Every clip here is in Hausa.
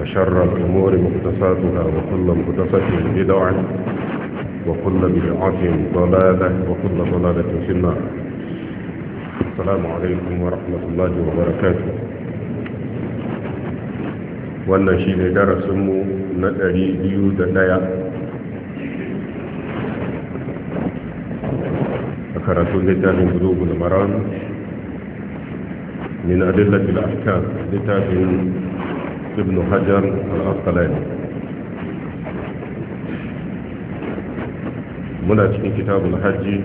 وشر الأمور محدثاتها وكل محدثة بدعة وكل بدعة ضلالة وكل ضلالة في النار السلام عليكم ورحمة الله وبركاته wannan shi ne darasinmu na 201 a karatun littafin global maran min adillatul ahkam littafin ibn hajar al muna cikin kitabul hajji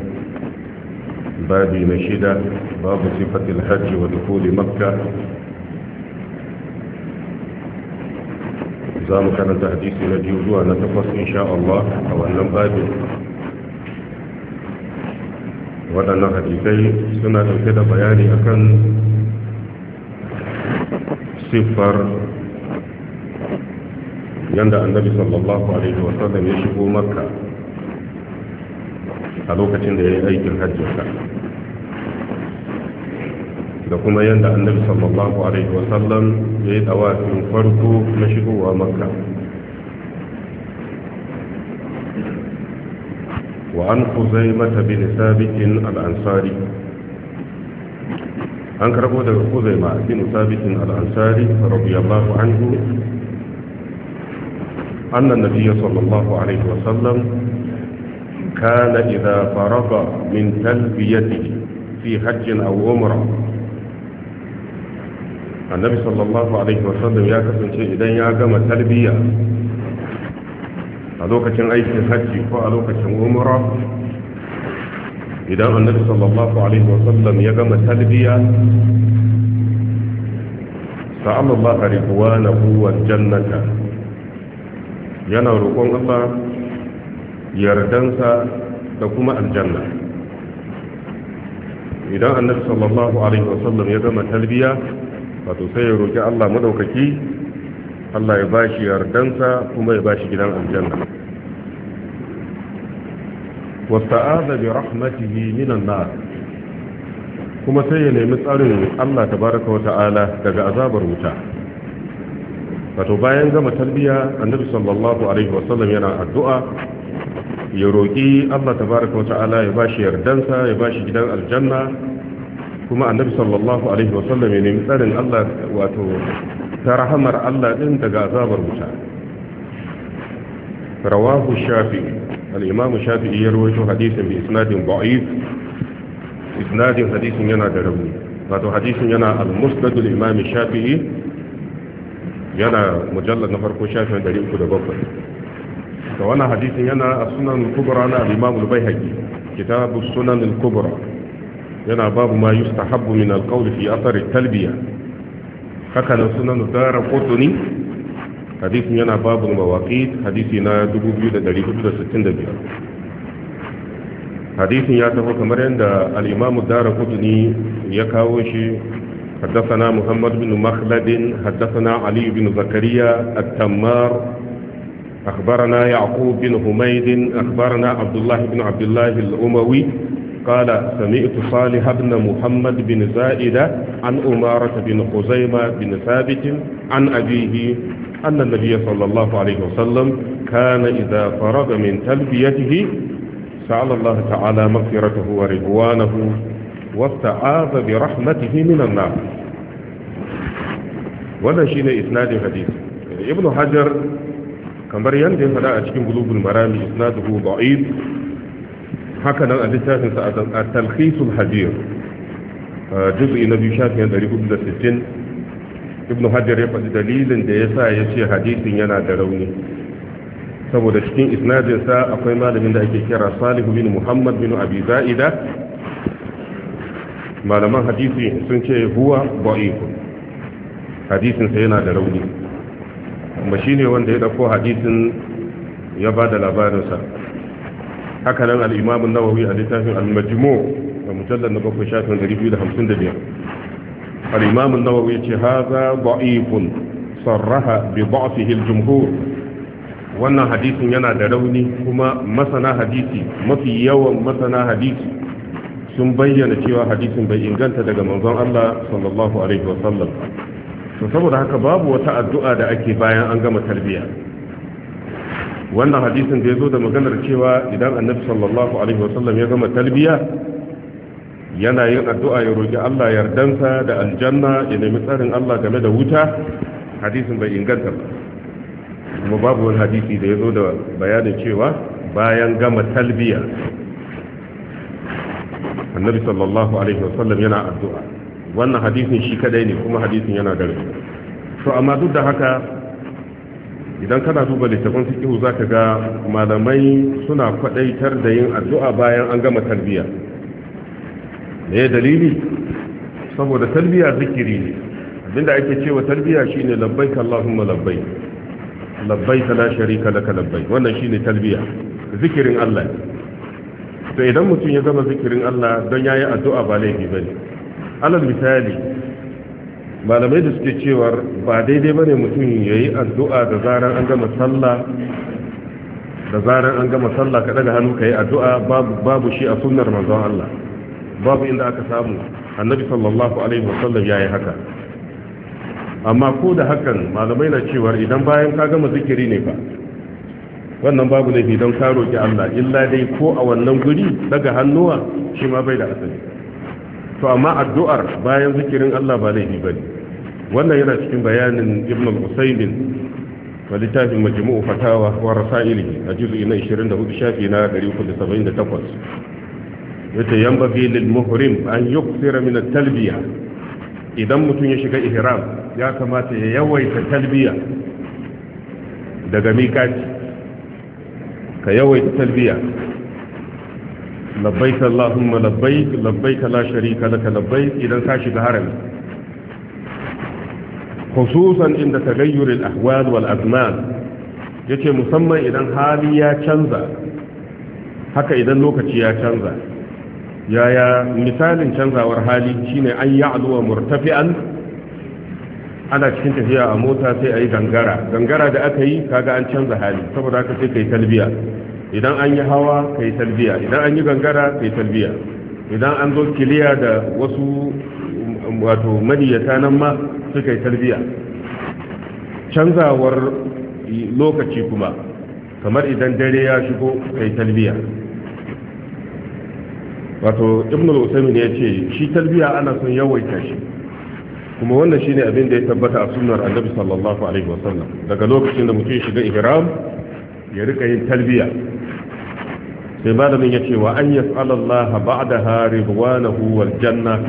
babi na shida babu sifatil hajji wa dukuli makka za mu karanta hadisi na biyu zuwa na takwas insha Allah a wannan babin waɗannan hadisai suna ɗauke da bayani akan siffar yanda annabi sallallahu alaihi Sallam ya shigo makka a lokacin da ya yi aikin hajjinsa da kuma yanda annabi sallallahu alaihi Sallam ya yi dawafin farko na shigowa makka وعن خزيمة بن ثابت الأنصاري أنكر أبو خزيمة بن ثابت الأنصاري رضي الله عنه أن النبي صلى الله عليه وسلم كان إذا فرغ من تلبيته في حج أو عمرة النبي صلى الله عليه وسلم يأكد من شيء إذا يأكد من تلبية ألوك كان أي حج فألوك كان عمرة إذا النبي صلى الله عليه وسلم يا جمع تلبية سأل الله رضوانه والجنة yana roƙon Allah yardansa da kuma aljanna idan annabi sallallahu alaihi wasallam ya gama talbiya wato sai ya roƙi Allah madaukaki Allah ya bashi yardansa kuma ya bashi gidan aljanna wasta'aza bi rahmatihi minan nar kuma sai ya nemi tsarin Allah tabaraka wa ta'ala daga azabar wuta wato bayan gama tarbiya annabi sallallahu alaihi wasallam yana addu'a ya roƙi Allah tabaraka wa ta'ala ya bashi yardansa ya bashi gidan aljanna kuma annabi sallallahu alaihi wasallam ya nemi tsarin Allah wato ta rahamar Allah din daga azabar wuta rawahu Shafi al-imam shafi'i ya rawaito hadisin bi isnadin da'if isnadin hadisin yana da rauni wato hadisin yana al-musnad al-imam shafi'i yana mujallar na farko shafin 307 da wannan hadisin yana a sunan kubra na al-imam al-baihaqi kitabu sunan al-kubra yana babu ma yustahabbu min al-qawl fi athar at-talbiya haka na sunan dara kotuni. hadisin yana babu mawaqit hadisi na 2465 hadisin ya tafi kamar yadda al'imamu dara kotuni ya kawo shi حدثنا محمد بن مخلد حدثنا علي بن زكريا التمار أخبرنا يعقوب بن حميد أخبرنا عبد الله بن عبد الله الأموي قال سمعت صالح بن محمد بن زائدة عن أمارة بن خزيمة بن ثابت عن أبيه أن النبي صلى الله عليه وسلم كان إذا فرغ من تلبيته سأل الله تعالى مغفرته ورضوانه واستعاذ برحمته من النار wannan shine isnadin hadisi ibnu hajar kamar yanda ya fada a cikin bulugul marami isnaduhu da'if haka nan a littafin sa at-talkhisul hadir juz'i na biyu shafin 460 ibnu hajar ya faɗi dalilin da ya sa ya ce hadisin yana da rauni saboda cikin isnadinsa akwai malamin da ake kira salihu bin muhammad bin abi za'ida malaman hadisi sun ce huwa ba'ifun hadisinsa yana da rauni kuma shine wanda ya dauko hadisin ya ba da labarinsa haka nan al'imamun nawawi a littafin al-majmu a mujallar na bakwai shafin 255 al'imamun nawawi ce haza ba'ifun sarraha bi ba'afihil jumhur wannan hadisin yana da rauni kuma masana hadisi mafi yawan masana hadisi sun bayyana cewa hadisin bai inganta daga manzon Allah sallallahu alaihi wa sallam to saboda haka babu wata addu'a da ake bayan an gama tarbiyya wannan hadisin da ya zo da maganar cewa idan annabi sallallahu alaihi wa sallam ya gama tarbiyya yana yin addu'a ya roki Allah yardansa da aljanna ya nemi tsarin Allah game da wuta hadisin bai inganta ba kuma babu wani hadisi da ya zo da bayanin cewa bayan gama talbiya annabi sallallahu alaihi wasallam yana addu'a wannan hadisin shi kadai ne kuma hadisin yana da to amma duk da haka idan kana duba littafin za zaka ga malamai suna kwadaitar da yin addu'a bayan an gama talbiya me dalili saboda talbiya zikiri ne abinda ake cewa talbiya shine labbaik allahumma labbaik labbaik la sharika laka labbaik wannan shine talbiya zikirin Allah ne to idan mutum ya gama zikirin Allah don ya yi addu'a ba laifi ba ne alal misali malamai da suke cewar ba daidai ba ne mutum ya yi addu'a da zarar an gama sallah da zarar an gama sallah ka daga hannu ka yi addu'a babu shi a sunnar manzon Allah babu inda aka samu annabi sallallahu alaihi wasallam ya yi haka amma ko da hakan malamai na cewar idan bayan ka gama zikiri ne ba wannan babu laifi don ka roƙi Allah illa dai ko a wannan guri daga hannuwa shi ma bai da asali to amma addu'ar bayan zikirin Allah ba laifi bane wannan yana cikin bayanin Ibn al-Usaymin wa littafin majmu'u fatawa wa rasailihi a juz'i na 24 shafi na 378 yace yanbaghi lil muhrim an yuksira min at-talbiya idan mutum ya shiga ihram ya kamata ya yawaita talbiya daga miƙaci ka yawaita talbiya labbaik allahumma labbaik labbaik la sharika laka labbaik idan ka shiga harami khususan inda tagayyur al-ahwal wal azman yace musamman idan hali ya canza haka idan lokaci ya canza yaya misalin canzawar hali shine an wa murtafi'an ana cikin tafiya a mota sai ayi yi gangara gangara da aka yi kaga an canza hali saboda haka sai kai talbiya idan an yi hawa kai talbiya idan an yi gangara kai talbiya idan an zo kiliya da wasu um, wato madiyata nan ma suka yi talbiya canzawar lokaci kuma kamar idan dare ya shigo kai talbiya wato ibn al ya ce shi talbiya ana son yawaita shi kuma wannan shine abin da ya tabbata a sunnar annabi sallallahu alaihi wasallam daga lokacin da mutum shiga ihram ya rika yin talbiya sai malamin ya ce wa an hari ba'daha na huwar janna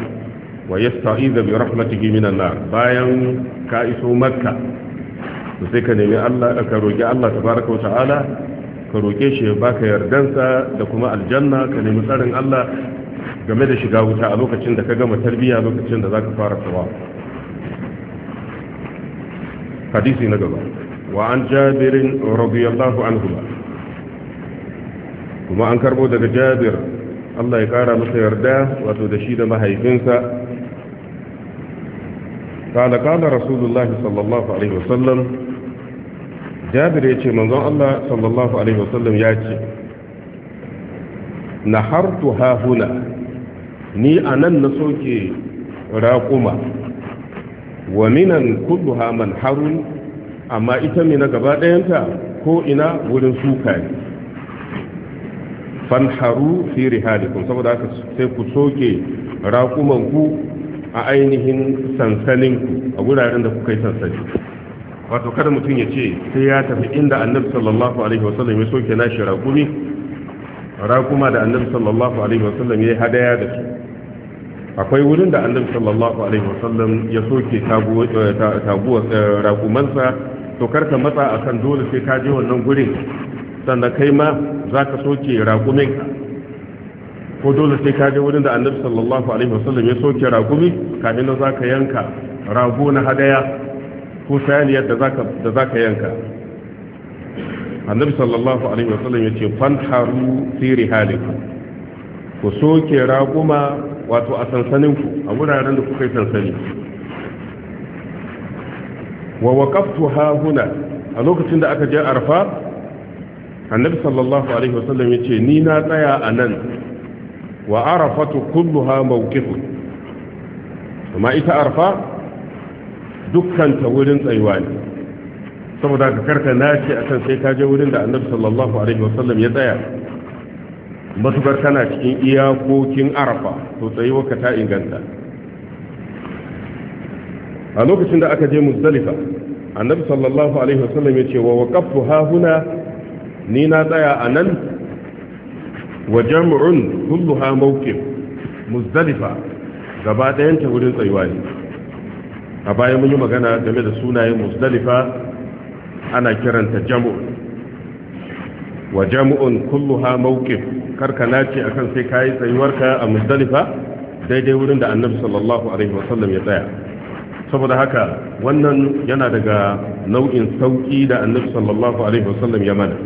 wa yasta'iza bi rahmatihi minan nar bayan ka iso makka to sai ka nemi Allah ka roki Allah wa ta'ala ka roke shi ya baka yardansa da kuma aljanna ka nemi tsarin Allah game da shiga wuta a lokacin da ka gama tarbiyya lokacin da ka fara tsawa hadisi na gaba wa an jabirin radiyallahu anhu kuma an karbo daga jabir allah ya kara masa yarda wato da shi da mahaifinsa kala kala rasulullah sallallahu alaihi wasallam jabir ya ce manzon allah sallallahu alaihi wasallam ya ce na hartu hahuna ni a nan na soke raƙuma wa minan kudu ha man harun amma ita ne na gaba ko ina wurin suka ne fanharu fi rihalikum saboda haka sai ku soke raƙumanku ku a ainihin sansanin ku a guraren da kuka yi sansani wato kada mutum ya ce sai ya tafi inda annabi sallallahu alaihi wasallam ya soke nashi raƙumi raƙuma da annabi sallallahu alaihi wasallam ya hadaya da su akwai wurin da annabi sallallahu alaihi wasallam ya soke eh, taguwa eh, raƙumansa to karka matsa akan dole sai ka je wannan gurin sannan kai ma za ka soke raƙumin ko dole sai ka ga wurin da annabi sallallahu alaihi wasallam ya soke raƙumi kafin nan za ka yanka rago na hadaya ko saniyar da za ka yanka annabi sallallahu alaihi wasallam ya ce fanharu fi rihalikum ku soke raƙuma wato a sansaninku a wuraren da kuka yi sansani wa waqaftu ha huna a lokacin da aka je arfa annabi sallallahu alaihi wasallam ya ce ni na tsaya a nan wa arafatu kullu kulluha mawqifun amma ita arfa dukkan ta wurin tsayuwa ne saboda ka karka ce akan sai ka je wurin da annabi sallallahu alaihi wasallam ya tsaya matukar kana cikin iyakokin arafa to tsayuwarka ta inganta a lokacin da aka je muzdalifa annabi sallallahu alaihi wasallam ya ce wa waqaftu ha huna ni na tsaya a nan wa jam'un kulluha mawqif muzdalifa gaba ɗayan ta wurin tsayuwa ne a baya mun yi magana game da sunayen muzdalifa ana kiranta jam'u wa jam'un kulluha mawqif karkana ce akan sai kai tsayuwarka a muzdalifa daidai wurin da annabi sallallahu alaihi wasallam ya tsaya saboda haka wannan yana daga nau'in sauki da annabi sallallahu alaihi wasallam ya mana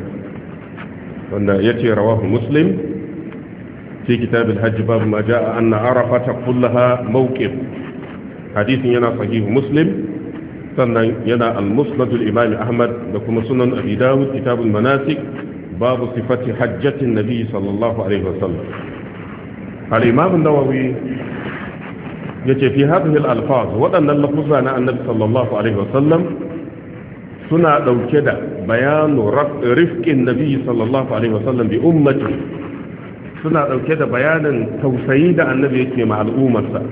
wanda ya ce rawahu muslim fi kitabin hajji babu ma a anna arafata kullaha mawqif hadisin yana sahihu muslim sannan yana al-musnadul imam ahmad da kuma sunan abi dawud kitabul manasik babu sifati hajjatin nabi sallallahu alaihi wasallam al-imam nawawi yace fi hadhihi al-alfaz wadannan lafuzza na annabi sallallahu alaihi wasallam suna ɗauke da bayanu rifkin nabi sallallahu alaihi wasallam bi ummati suna ɗauke da bayanin tausayi da annabi yake ma al'ummarsa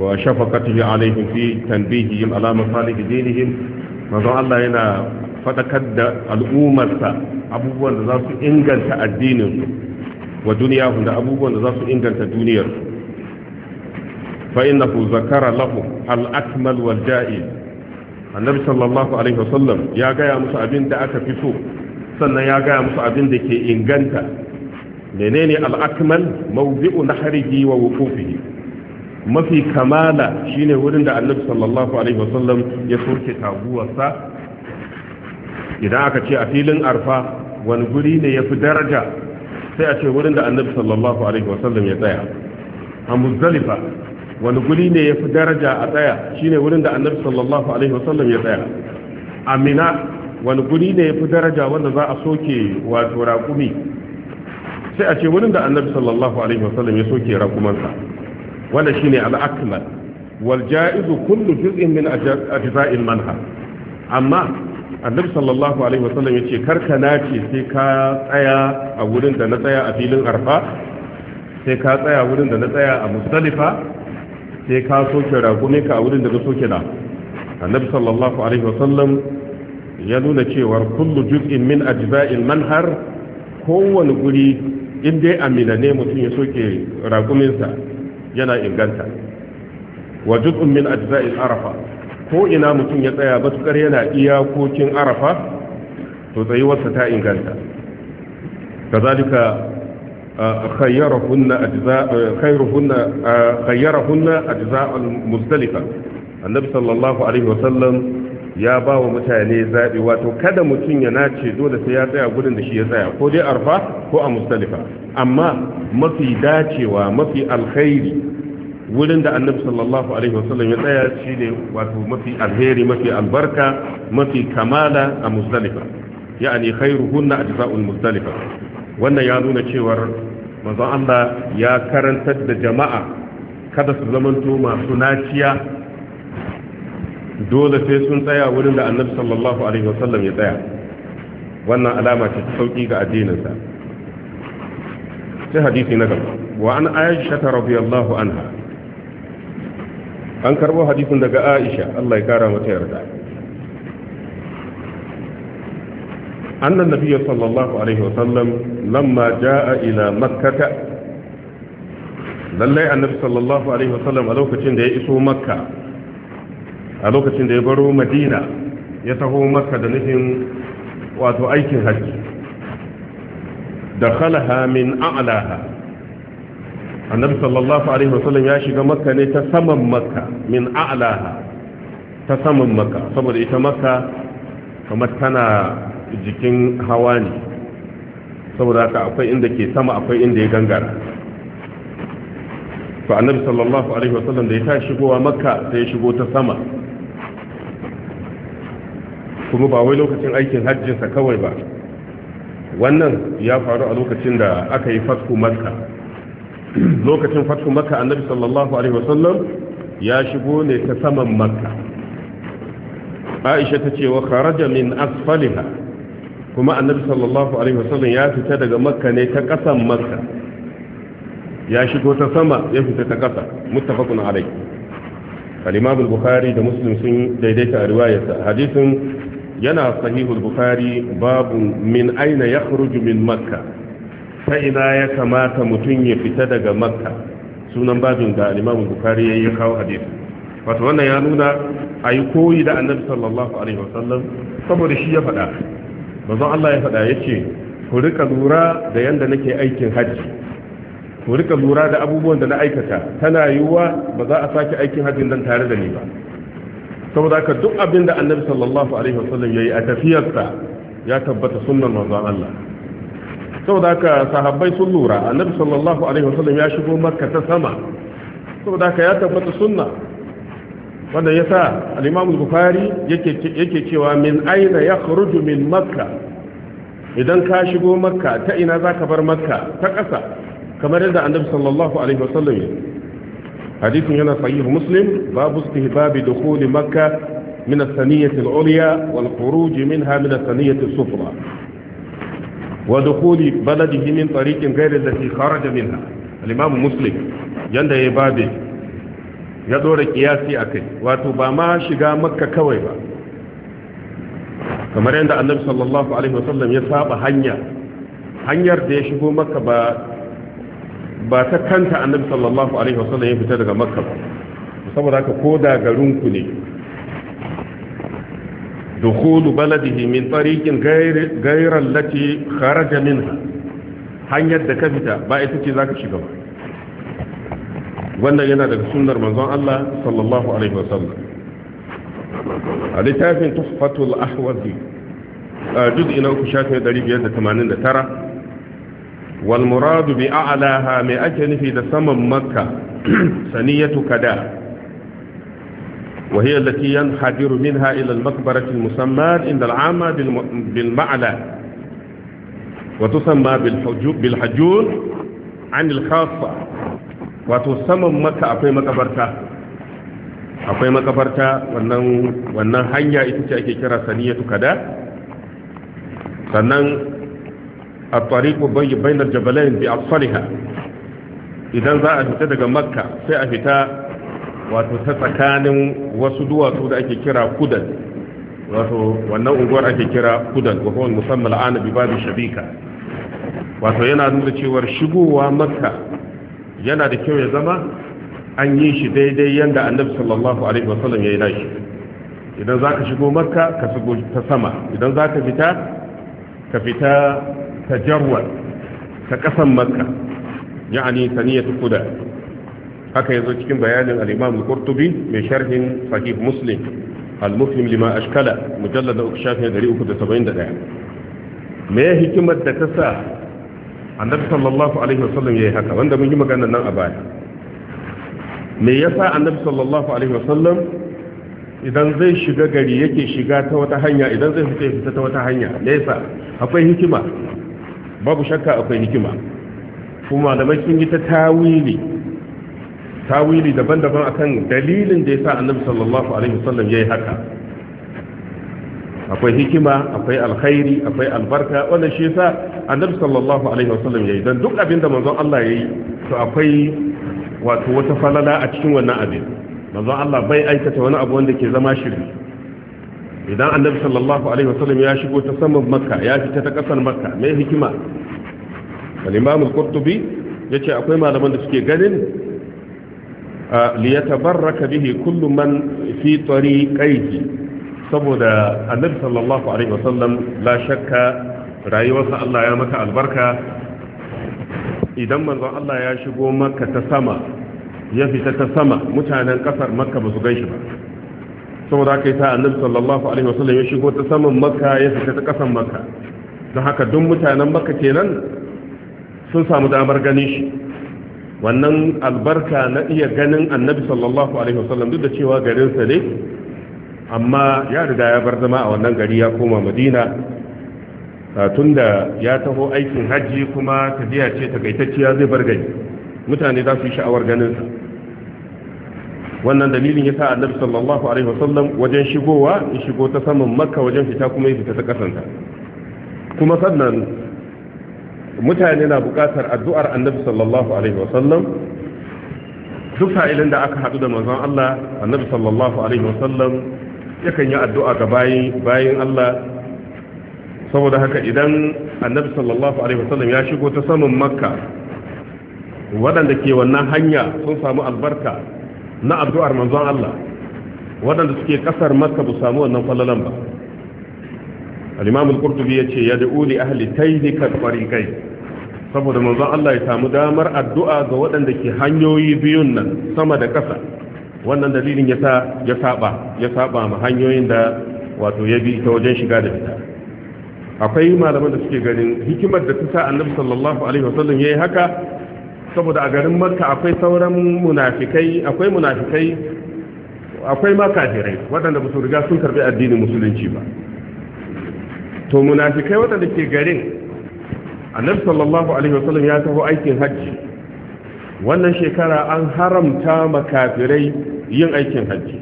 wa shafaqatihi alaihim fi tanbihihim ala masalih dinihim manzon Allah yana fadakar da al'ummarsa abubuwan da za su inganta addinin wa duniya da abubuwan da za su inganta duniyar su fa innahu zakara lahum al-akmal wal ja'il annabi sallallahu alaihi wasallam ya gaya musu abin da aka fi so sannan ya gaya musu abin da ke inganta menene al'akmal mawdi'u nahrihi wa wuqufihi mafi kamala shine wurin da annabi sallallahu alaihi wasallam ya soke taguwarsa idan aka ce a filin arfa wani guri ne ya fi daraja sai a ce wurin da annabi sallallahu alaihi wasallam ya tsaya a muzdalifa wani guri ne ya fi daraja a tsaya shine wurin da annabi sallallahu alaihi wasallam ya tsaya amina wani guri ne ya fi daraja wanda za a soke wato raƙumi sai a ce wurin da annabi sallallahu alaihi wasallam ya soke raƙumansa wanda shine al-akmal wal ja'izu kullu juz'in min ajza'il manha amma annabi sallallahu alaihi wasallam ya ce karka nace sai ka tsaya a wurin da na tsaya a filin arfa sai ka tsaya wurin da na tsaya a musdalifa sai ka soke ka a wurin da ka soke da annabi sallallahu alaihi sallam ya nuna cewar kullu juz'in min ajza'il manhar kowane guri in dai amina ne mutum ya soke raguminsa yana inganta wa juz'un min ajza'il arafa ko ina mutum ya tsaya batukar yana iyakokin arafa to tsayuwarsa ta inganta kazalika khayyarahunna ajza khayruhunna khayyarahunna ajza al-muzdalifa annabi sallallahu alaihi wasallam ya ba mutane zaɓi wato kada mutum ya nace dole sai ya tsaya gudun da shi ya tsaya ko dai arfa ko a mustalifa amma mafi dacewa mafi alkhairi wurin da annabi sallallahu alaihi wasallam ya tsaya shi ne wato mafi alheri mafi albarka mafi kamala a mustalifa ya'ani wannan ya nuna cewar manzon Allah ya karantar da jama'a kada su zamanto masu naciya dole sai sun tsaya wurin da annabi sallallahu alaihi wasallam ya tsaya wannan alama ce ta sauki ga addininsa sai hadisi na gaba wa an aisha ta radiyallahu anha an karbo hadisin daga aisha Allah ya kara mata yarda أن النبي صلى الله عليه وسلم لما جاء إلى مكة lallai annabi sallallahu alaihi wasallam a lokacin da ya iso makka a lokacin da ya baro madina ya taho makka da nufin wato aikin hajji da khalaha min a'laha annabi sallallahu alaihi wasallam ya shiga makka ne ta saman makka min a'laha ta saman makka saboda ita makka kamar tana jikin hawa ne saboda haka akwai inda ke sama akwai inda ya gangara to annabi sallallahu alaihi wasallam da ya ta shigowa makka sai ya shigo ta sama kuma ba wai lokacin aikin hajjinsa kawai ba wannan ya faru a lokacin da aka yi fatku makka lokacin fatku makka annabi sallallahu alaihi wasallam ya shigo ne ta saman makka aisha ta ce wa kharaja min asfaliha kuma annabi sallallahu alaihi wasallam ya fita daga makka ne ta kasan makka ya shigo ta sama ya fita ta kasa muttafaqun alaihi al-imam al-bukhari da muslim sun daidaita a riwayarsa hadisin yana sahihul bukhari babu min aina yakhruju min makka ta ina ya kamata mutum ya fita daga makka sunan babin da al-imam al-bukhari ya kawo hadisin wato wannan ya nuna a yi koyi da annabi sallallahu alaihi wasallam saboda shi ya faɗa manzon Allah ya faɗa ya ce ku rika lura da yanda nake aikin hajji ku rika lura da abubuwan da na aikata tana yiwuwa ba za a sake aikin hajjin nan tare da ni ba saboda haka duk abin da annabi sallallahu alaihi wasallam yayi a tafiyarsa ya tabbata sunnan manzon Allah saboda haka sahabbai sun lura annabi sallallahu alaihi wasallam ya shigo makka ta sama saboda haka ya tabbata sunna wanda ya sa al'imamu bukari yake cewa min aina ya kharuju min makka idan ka shigo makka ta ina za ka bar makka ta ƙasa kamar yadda annabi sallallahu alaihi wasallam ya hadisin yana sahih muslim babu istihbabi dukhuli makka min as-saniyati wal khuruj minha min as-saniyati as-sufla wa dukhuli baladihi min tariqin ghayri allati kharaja minha al-imam muslim yanda ya babu. ya dora kiyasi a kai wato ba ma shiga makka kawai ba kamar yadda annabi sallallahu alaihi wasallam ya saba hanya hanyar da ya shigo makka ba ba ta kanta annabi sallallahu alaihi wasallam ya fita daga makka ba saboda haka ko da garinku ne dukhulu baladihi min tariqin ghayra allati kharaja minha hanyar da ka fita ba ita ce zaka shiga ba wanda yana daga sunnar manzon Allah sallallahu alaihi wasallam a littafin tuhfatul ahwazi a juz'i na uku shafin dari biyar da tamanin da tara wal muradu bi a'laha mai ake nufi da saman makka saniyatu kada وهي التي ينحدر منها إلى المقبرة المسمى عند العامة بالمعلى وتسمى بالحجون عن الخاصة wato saman maka akwai makabarta akwai makabarta wannan wannan hanya ita ce ake kira saniyatu kada sannan a tariqu bayy bainal jabalain bi asfaliha idan za a fita daga makka sai a fita wato ta tsakanin wasu duwatsu da ake kira kudan wato wannan unguwar ake kira kudan ko huwa musamman ana bi babu shabika wato yana nuna cewar shigowa makka yana da kyau ya zama an yi shi daidai yadda annabi sallallahu alaihi wasallam ya yi nashi idan za ka shigo makka ka shigo ta sama idan za ka fita ka fita ta jarwar ta kasan makka ya'ani ta kuda haka yazo cikin bayanin Alimam al-qurtubi mai sharhin sahih muslim al-muslim lima ashkala mujallad 371 me hikimar da ta sa annabi sallallahu alaihi wasallam yayi haka wanda mun yi magana nan a baya me yasa annabi sallallahu alaihi wasallam idan zai shiga gari yake shiga ta wata hanya idan zai fita fita ta wata hanya me yasa akwai hikima babu shakka akwai hikima kuma da sun yi ta tawili tawili daban-daban akan dalilin da yasa annabi sallallahu alaihi wasallam yayi haka akwai hikima akwai alkhairi akwai albarka wanda shi yasa annabi sallallahu alaihi wasallam yayi dan duk abinda manzon Allah yayi to akwai wato wata falala a cikin wannan abin manzon Allah bai aikata wani abu wanda ke zama shiri idan annabi sallallahu alaihi wasallam ya shigo ta saman makka ya fita ta kasar makka mai hikima al-imam al-qurtubi yace akwai malaman da suke ganin liyatabarraka yatabarraka bihi kullu man fi tariqaihi saboda annabi sallallahu alaihi wasallam la shakka rayuwarsa Allah ya maka albarka idan manzon Allah ya shigo makka ta sama ya fita ta sama mutanen kasar makka ba su ganshi ba saboda haka yasa annabi sallallahu alaihi wasallam ya shigo ta saman makka ya fita ta kasan makka don haka duk mutanen makka kenan sun samu damar ganin shi wannan albarka na iya ganin annabi sallallahu alaihi wasallam duk da cewa garinsa ne amma ya riga ya bar zama a wannan gari ya koma madina tunda ya taho aikin hajji kuma tafiya ce takaitacciya zai bar gari mutane za su yi sha'awar ganin sa wannan dalilin ya sa annabi sallallahu alaihi wasallam wajen shigowa ya shigo ta saman makka wajen fita kuma ya fita ta kasanta kuma sannan mutane na bukatar addu'ar annabi sallallahu alaihi wasallam duk sa'ilin da aka haɗu da manzon Allah annabi sallallahu alaihi wasallam yakan yi addu'a ga bayin Allah saboda haka idan annabi sallallahu alaihi wasallam ya shigo ta saman makka waɗanda ke wannan hanya sun samu albarka na addu'ar manzon Allah waɗanda suke ƙasar makka bu samu wannan falalan ba al ya al-qurtubi yace ya da'u li ahli taydika tariqai saboda manzon Allah ya samu damar addu'a ga waɗanda ke hanyoyi biyun nan sama da ƙasa wannan dalilin ya sa ya saba ya saba ma hanyoyin da wato ya bi ta wajen shiga da fita akwai malaman da suke ganin hikimar da ta sa annabi sallallahu alaihi wasallam yayi haka saboda a garin makka akwai sauran munafikai akwai munafikai akwai ma kafirai waɗanda ba su riga sun karbi addinin musulunci ba to munafikai waɗanda ke garin annabi sallallahu alaihi wasallam ya taho aikin hajji wannan shekara an haramta makafirai yin aikin hajji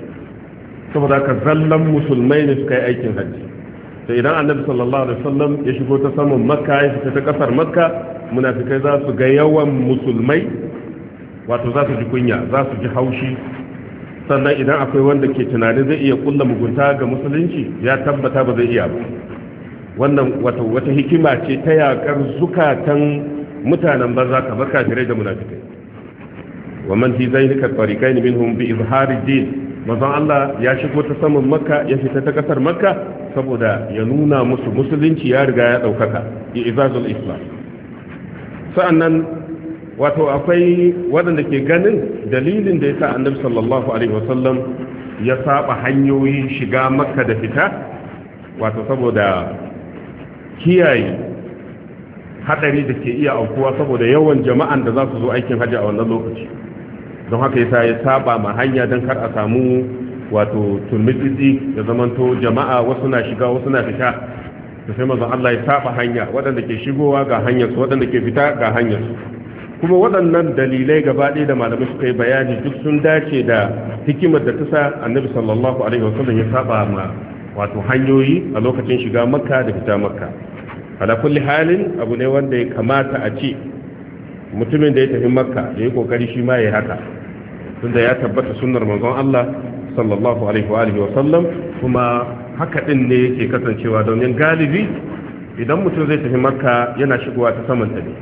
saboda ka zallan musulmai ne suka yi aikin hajji to idan annabi sallallahu alaihi wasallam ya shigo ta saman makka ya fita ta kasar makka munafikai za su ga yawan musulmai wato za su ji kunya za su ji haushi sannan idan akwai wanda ke tunanin zai iya kulla mugunta ga musulunci ya tabbata ba zai iya ba wannan wata hikima ce ta yakar zukatan mutanen banza kamar kafirai da munafikai wa man fi zailika tariqain minhum bi izhar din manzon Allah ya shigo ta saman makka ya fita ta kasar makka saboda ya nuna musu musulunci ya riga ya daukaka izazul islam sa'annan wato akwai waɗanda ke ganin dalilin da ya sa annabi sallallahu alaihi wasallam ya saba hanyoyin shiga makka da fita wato saboda kiyaye hadari da ke iya aukuwa saboda yawan jama'an da za su zo aikin hajji a wannan lokaci don haka yasa ya saba ma hanya don kar a samu wato turmitsitsi da zamanto jama'a wasu na shiga wasu na fita da sai mazan Allah ya saba hanya waɗanda ke shigowa ga su waɗanda ke fita ga su. kuma waɗannan dalilai gaba ɗaya da malamai suka yi bayani duk sun dace da hikimar da ta sa annabi sallallahu alaihi wasallam ya saba ma wato hanyoyi a lokacin shiga makka da fita makka ala kulli halin abu ne wanda ya kamata a ce mutumin da ya tafi makka ya yi kokari shi ma ya yi haka tunda ya tabbata sunnar manzon Allah sallallahu alaihi wa alihi wa sallam kuma haka din ne yake kasancewa yin galibi idan mutum zai tafi makka yana shigowa ta saman ta ne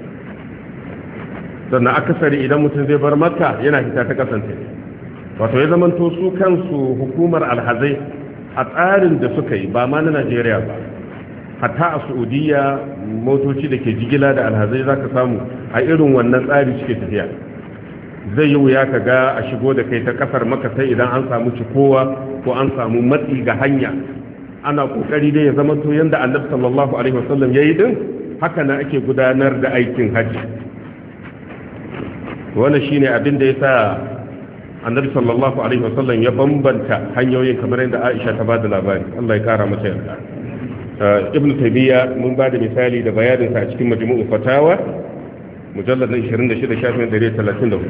sannan akasari idan mutum zai bar makka yana hita ta kasan ta ne wato ya zamanto su kansu hukumar alhazai a tsarin da suka yi ba ma na Najeriya ba hatta a Saudiya motoci da ke jigila da alhazai zaka samu a irin wannan tsari suke tafiya zai yi wuya ka ga a shigo da kai ta kasar maka sai idan an samu cikowa ko an samu matsi ga hanya ana kokari dai ya zama to yanda annabi sallallahu alaihi wasallam yayi din haka na ake gudanar da aikin haji wannan shine abin da yasa annabi sallallahu alaihi wasallam ya bambanta hanyoyin kamar yadda Aisha ta bada labari Allah ya kara mata yarda ibn Taymiyyah mun bada misali da bayanin sa a cikin majmu'u fatawa مجلد 26 شافعي 34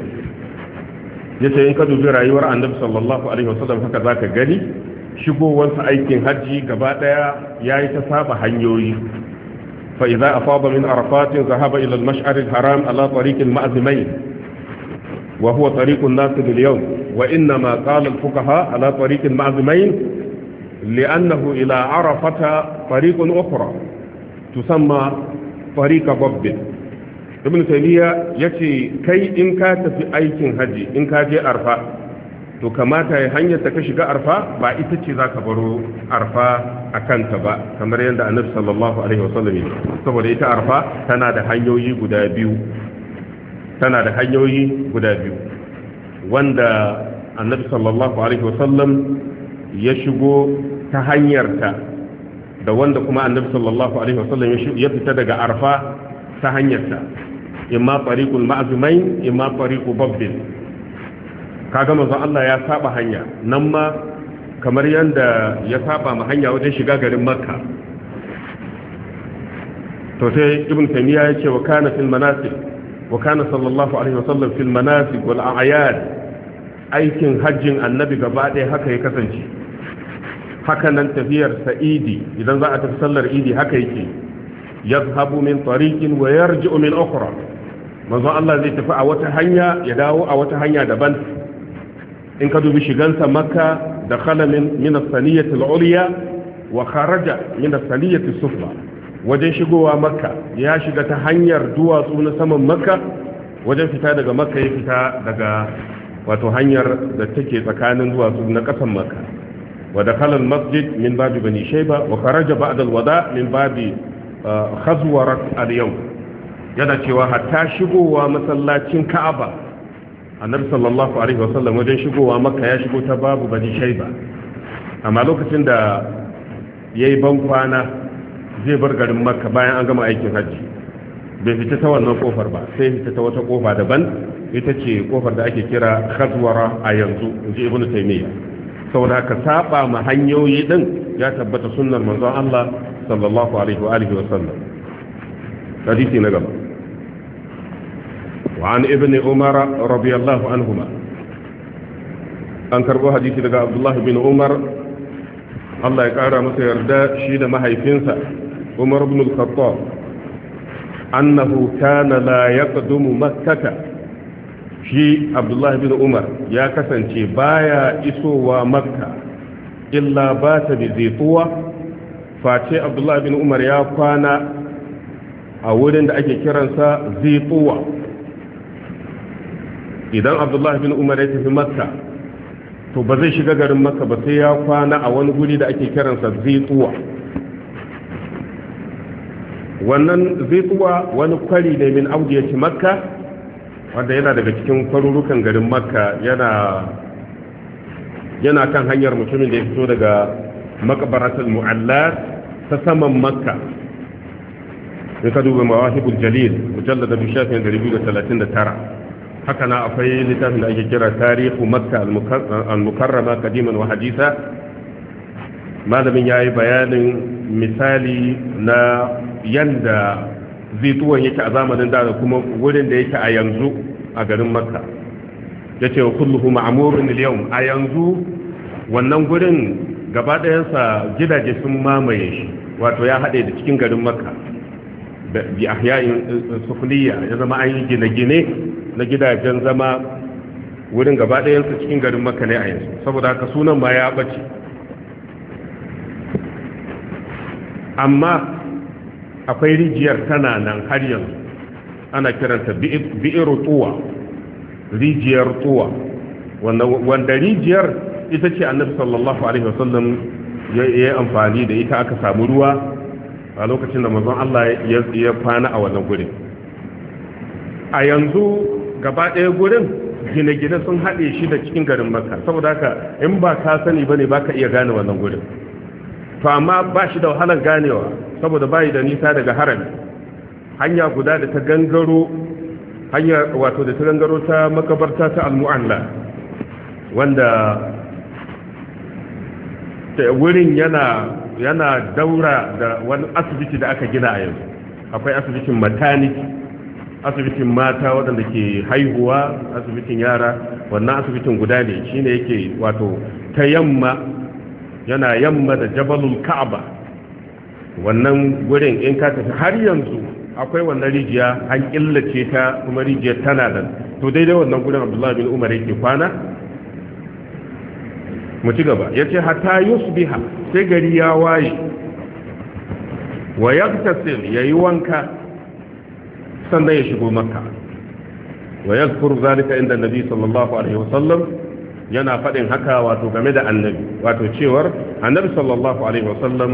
yace in ka dubi rayuwar annabi sallallahu alaihi wasallam haka zaka gani shigowarsa aikin hajji gaba daya yayi ta saba hanyoyi fa idza afada min arafat zahaba ila al haram ala tariq al-ma'zimay wa huwa tariq an wa inna ma qala al-fuqaha ala tariq al-ma'zimay li'annahu ila arafat tariq ukhra tusamma tariq qabbah ibn taymiya yace kai in ka tafi aikin haji in ka je arfa to kamata ya hanyar ta ka shiga arfa ba ita ce zaka baro arfa a kanta ba kamar yadda annabi sallallahu alaihi wasallam saboda ita arfa tana da hanyoyi guda biyu tana da hanyoyi guda biyu wanda annabi sallallahu alaihi wasallam ya shigo ta hanyarta da wanda kuma annabi sallallahu alaihi wasallam ya fita daga arfa ta hanyarta imma tariqul ma'zumain imma tariqu babbin kaga manzon Allah ya saba hanya nan ma kamar yadda ya saba ma hanya wajen shiga garin Makka to sai ibn taymiya ya ce wa kana fil manasik wa kana sallallahu alaihi wasallam fil manasik wal a'yad aikin hajjin annabi gaba ɗaya haka ya kasance haka nan tafiyar sa'idi idan za a tafi sallar idi haka yake yazhabu min tariqin wa yarji'u min ukhra manzon Allah zai tafi a wata hanya ya dawo a wata hanya daban in ka dubi shigansa makka da khalamin min as-saniyati al-ulya wa kharaja min as-saniyati as-sufla wajen shigowa makka ya shiga ta hanyar duwatsu na saman makka wajen fita daga makka ya fita daga wato hanyar da take tsakanin duwatsu na kasan makka wa dakhala al-masjid min babi bani shayba wa kharaja ba'da al-wada min babi eh, khazwarat al-yawm yana cewa hatta shigowa masallacin ka'aba annabi sallallahu alaihi wasallam wajen shigowa makka ya shigo ta babu bani shaiba amma lokacin da yayi yi ban kwana zai bar garin makka bayan an gama aikin hajji bai fita ta wannan kofar ba sai fita ta wata kofa daban ita ce kofar da ake kira khazwara a yanzu inji ibn taymiya saboda haka saba ma hanyoyi din ya tabbata sunnar manzon Allah sallallahu alaihi wa alihi wasallam hadisi na gaba وعن ابن عمر رضي الله عنهما an karbo hadisi daga abdullahi bin umar allah ya kara masa yarda shi da mahaifinsa umar ibn al-khattab annahu kana la yaqdumu makkata shi abdullahi bin umar ya kasance baya isowa makka illa ba ta bi zaituwa face abdullahi bin umar ya kwana a wurin da ake kiransa zaituwa idan abdullahi bin umar ya tafi makka to ba zai shiga garin makka ba sai ya kwana a wani guri da ake kiransa zaituwa. wannan zaituwa wani kwari ne min ci makka wanda yana daga cikin kwarurukan garin makka yana yana kan hanyar mutumin da ya fito daga makabaratul mu'allat ta saman makka in ka duba mawahibul jalil mujallada bishafin 239 haka na akwai littafin da ake kira tarihu makka al-mukarrama kadiman wa hadisa malamin yayi bayanin misali na yanda zituwan yake a zamanin da kuma wurin da yake a yanzu a garin makka yace wa kulluhu ma'amurin yau a yanzu wannan gurin gaba ɗayansa gidaje sun mamaye wato ya haɗe da cikin garin makka bi ahya'in eh, eh, sufliya ya zama an yi gine-gine na gidajen zama wurin gaba ɗayansu cikin garin maka ne a yanzu saboda haka sunan ma ya ɓace amma akwai rijiyar tana nan har yanzu ana kiranta bi'ir tuwa rijiyar tuwa wanda rijiyar ita ce annabi sallallahu alaihi wasallam ya yi amfani da ita aka samu ruwa a lokacin da mazan Allah ya kwana a wannan gurin a yanzu gaba ɗaya gurin gine-gine sun haɗe shi da cikin garin maka, saboda haka in ba ka sani ba ne ba ka iya gane wannan gurin to amma ba shi da wahalar ganewa saboda bayi da nisa daga harami hanya guda da ta gangaro hanya wato da ta gangaro ta makabarta ta almu'alla wanda wurin yana yana daura da wani asibiti da aka gina a yanzu akwai asibitin mataniki asibitin mata waɗanda ke haihuwa asibitin yara wannan asibitin guda ne shine yake wato ta yamma yana yamma da jabalul ka'aba wannan gurin in ka tafi har yanzu akwai wannan rijiya an killace ta kuma rijiyar tana da to daidai wannan gurin abdullahi bin umar yake kwana mu ci gaba ya ce hata yusbiha sai gari ya waye wa yaktasil yayi wanka sannan ya shigo makka wa yazkuru zalika inda nabi sallallahu alaihi wasallam yana faɗin haka wato game da annabi wato cewar annabi sallallahu alaihi wasallam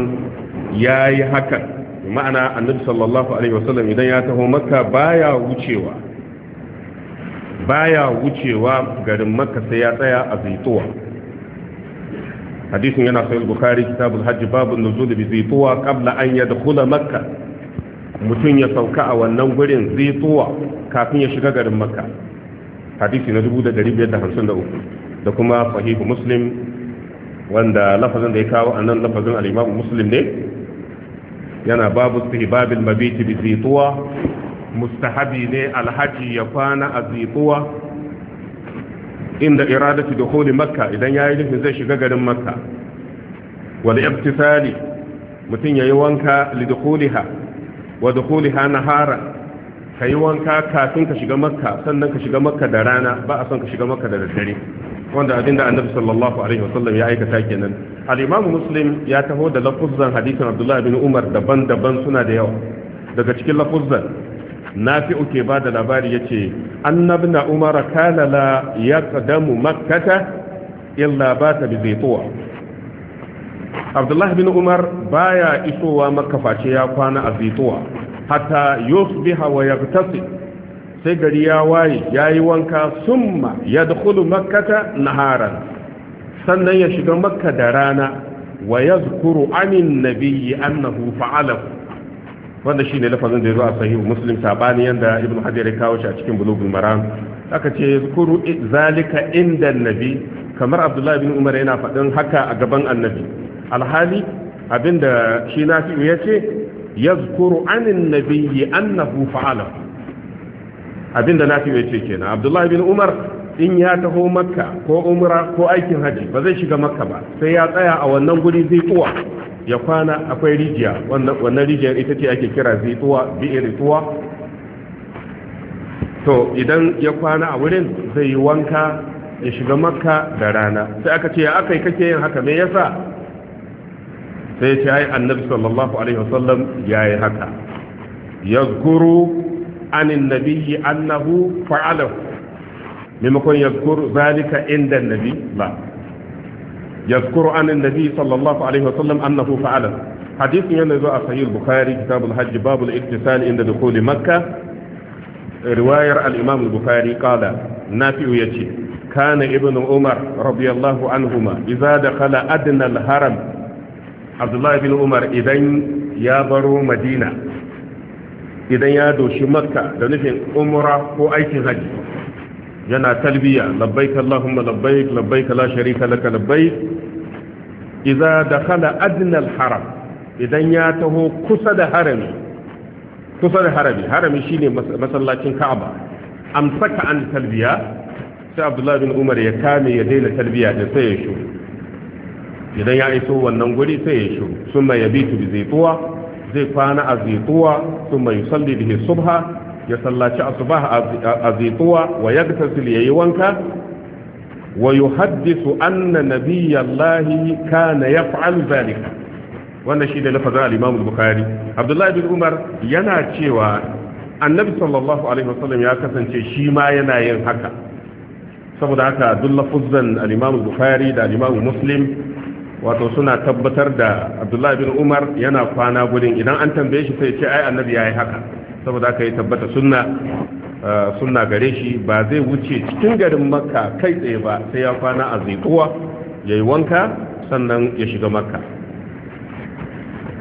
ya yi haka ma'ana annabi sallallahu alaihi wasallam idan ya taho makka baya wucewa baya wucewa garin makka sai ya tsaya a zaituwa hadisin yana sahih bukhari kitabul Hajji Babu nuzul bi zaituwa qabla an yadkhula makka mutum ya sauka a wannan gurin zai tsowa kafin ya shiga garin makka hadisi na 1553 da kuma sahihu muslim wanda lafazin da ya kawo a nan lafazin al'imamu muslim ne yana babu istihbabil mabiti bi zaituwa mustahabi ne alhaji ya kwana a zaituwa inda iradatu dukhuli makka idan yayi nufin zai shiga garin makka ya wal mutum ya yi wanka li dukhuliha wa dukhuliha hara ka yi wanka kafin ka shiga makka sannan ka shiga makka da rana ba a son ka shiga makka da daddare wanda abin da annabi sallallahu alaihi wasallam ya aikata kenan al-imamu muslim ya taho da lafuzzan hadisin abdullahi bin umar daban-daban suna da yawa daga cikin lafuzzan nafi'u ke ba da labari yace annabna a kalala ya yaqdamu makkata illa bata bi zaituwa abdullahi bin umar baya isowa makka face ya kwana a zaituwa hatta yusbiha wa yaghtasi sai gari ya waye yayi wanka summa yadkhulu makkata naharan sannan ya shiga makka da rana wa yadhkuru anin nabiyyi annahu fa'ala wanda shine lafazin da yazo a sahihu muslim sabani yanda ibnu hajar ya kawo shi a cikin bulugul maram aka ce yadhkuru zalika inda nabi kamar abdullahi bin umar yana faɗin haka a gaban annabi alhali abinda shi nafi'u ya ce yazkuru anin nabiyyi annahu fa'ala abinda nafi ya ce kenan abdullahi bin umar in ya taho makka ko umra ko aikin haji ba zai shiga makka ba sai ya tsaya a wannan guri zai tuwa ya kwana akwai rijiya wannan rijiyar ita ce ake kira zai tuwa bi'ir tuwa to idan ya kwana a wurin zai yi wanka ya shiga makka da rana sai aka ce ya aka kake yin haka me yasa sai ce ai annabi sallallahu alaihi wasallam ya yi haka yazkuru anin nabiyyi annahu fa'alahu maimakon yazkuru zalika inda nabi ba yazkuru anin nabi sallallahu alaihi wasallam annahu fa'alahu hadisin yana zuwa a sahih bukhari kitabul hajj babul ittisal inda dukhuli makkah riwayar al-imam al-bukhari qala nafi'u yace kana ibnu umar radiyallahu anhuma idza dakhala adna al-haram abdullahi bin umar idan ya baro madina idan ya doshi makka da nufin umra ko aikin Hajji yana talbiya labbaik allahumma labbaik labbaik la sharika laka labbaik idza dakhala adna al-haram idan ya taho kusa da harami kusa da harami harami shine masallacin ka'aba amsaka an talbiya sai abdullahi bin umar ya kame ya daina talbiya da sai ya shuru idan ya iso wannan guri sai ya shiru sun mai yabitu bi zaituwa zai kwana a zaituwa sun mai salli da subha ya sallaci asubaha a zaituwa wa yagtasil yayi wanka wa yuhaddisu anna nabiyallahi kana yaf'al zalika wannan shi da lafazin al-Imam al-Bukhari bin Umar yana cewa annabi sallallahu alaihi wasallam ya kasance shi ma yana yin haka saboda haka duk lafuzan al bukhari da al Muslim wato suna tabbatar da abdullahi bin umar yana kwana gudun idan an tambaye shi sai ce ai annabi ya yi haka saboda aka yi tabbata sunna eh, sunna gare shi ba zai wuce cikin garin makka kai tsaye ba sai ya kwana a zaituwa ya yi wanka sannan ya shiga makka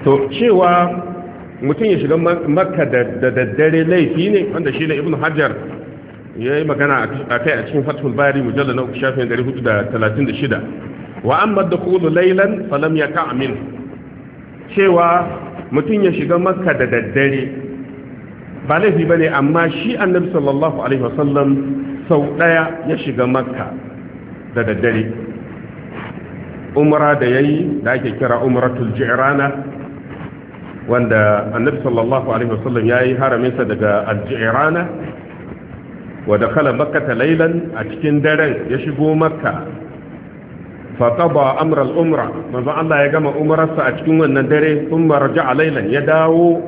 to cewa mutum ya shiga makka da daddare laifi ne wanda shi ne ibn hajar ya yi magana a kai a cikin fatul bari mujallar na uku shafin 436 wa amma dukhulu laylan falam yaka min cewa mutum ya shiga makka da daddare ba laifi ne amma shi annabi sallallahu alaihi wasallam sau ɗaya ya shiga makka da daddare umra da yayi da ake kira umratul ji'rana wanda annabi sallallahu alaihi wasallam yi haraminsa daga al-ji'rana wa dakhala makkata laylan a cikin daren ya shigo makka faqada amra al-umra manzo Allah ya gama umrarsa a cikin wannan dare thumma raja'a laylan ya dawo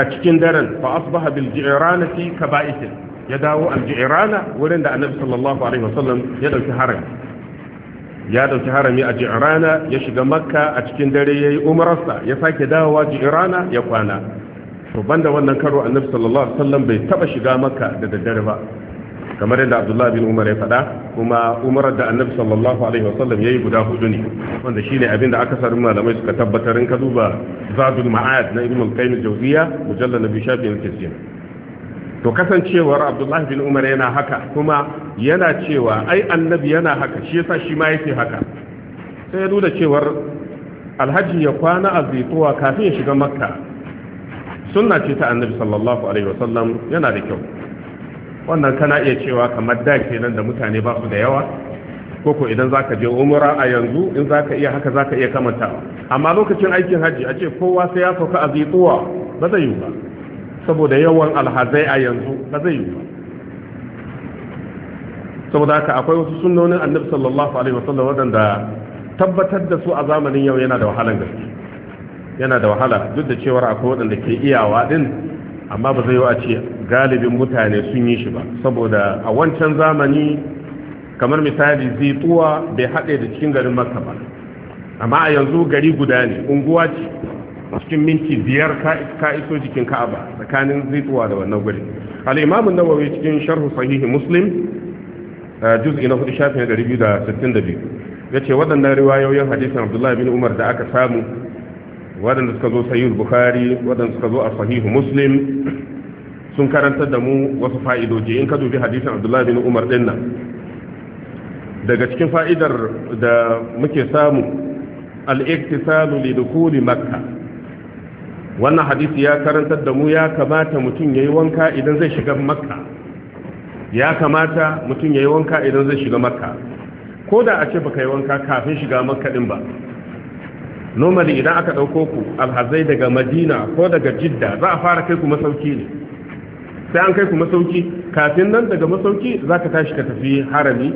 a cikin daren fa asbaha bil ji'ranati kaba'is ya dawo al-ji'rana wurin da annabi sallallahu alaihi wasallam ya dauki harami ya dauki harami a ji'rana ya shiga makka a cikin dare yayi umrarsa ya sake dawowa ji'rana ya kwana to banda wannan karo annabi sallallahu alaihi wasallam bai taba shiga makka da daddare ba kamar yadda abdullahi bin umar ya faɗa kuma umar da annabi sallallahu alaihi wasallam yayi guda hudu ne wanda shine abin da aka sarin malamai suka tabbatar in ka duba zadul ma'ad na ibn al-qayyim al-jawziyya mujallal nabi shafi al to kasancewar abdullahi bin umar yana haka kuma yana cewa ai annabi yana haka shi yasa shi ma yake haka sai ya nuna cewar alhaji ya kwana a zaituwa kafin ya shiga makka sunna ce ta annabi sallallahu alaihi wasallam yana da kyau wannan kana iya cewa kamar da kenan da mutane ba su da yawa koko idan zaka je umra a yanzu in zaka iya haka zaka iya kamanta amma lokacin aikin haji a ce kowa sai ya sauka a zituwa ba zai yi ba saboda yawan alhazai a yanzu ba zai yi ba saboda haka akwai wasu sunnonin annabi sallallahu alaihi wasallam wadanda tabbatar da su a zamanin yau yana da wahalan gaske yana da wahala duk da cewa akwai wadanda ke iyawa din amma ba zai yi a ce galibin mutane sun yi shi ba saboda a wancan zamani kamar misali zituwa bai haɗe da cikin garin masa ba amma a yanzu gari guda ne unguwa ce cikin minti biyar ka iso jikin ka'aba tsakanin zituwa da wannan guri al'imamu nawawi cikin sharhu sahihi muslim uh, juz'i na hudu shafin 262 ya ce waɗannan riwayoyin hadisin abdullahi bin umar da aka samu waɗanda suka zo sahih bukhari waɗanda suka zo a sahihu muslim sun karantar da mu wasu fa'idoji in ka dubi hadisin abdullahi bin umar din daga cikin fa'idar da muke samu al'iktisalu dukuli makka wannan hadisi ya karantar da mu ya kamata mutum yayi wanka idan zai shiga makka ya kamata mutum ya wanka idan zai shiga makka ko da a ce baka yi wanka kafin shiga makka din ba normally idan aka ɗauko ku alhazai daga madina ko daga jidda za a fara kai ku masauki ne sai an kai ku masauki kafin nan daga masauki za ka tashi ka tafi harami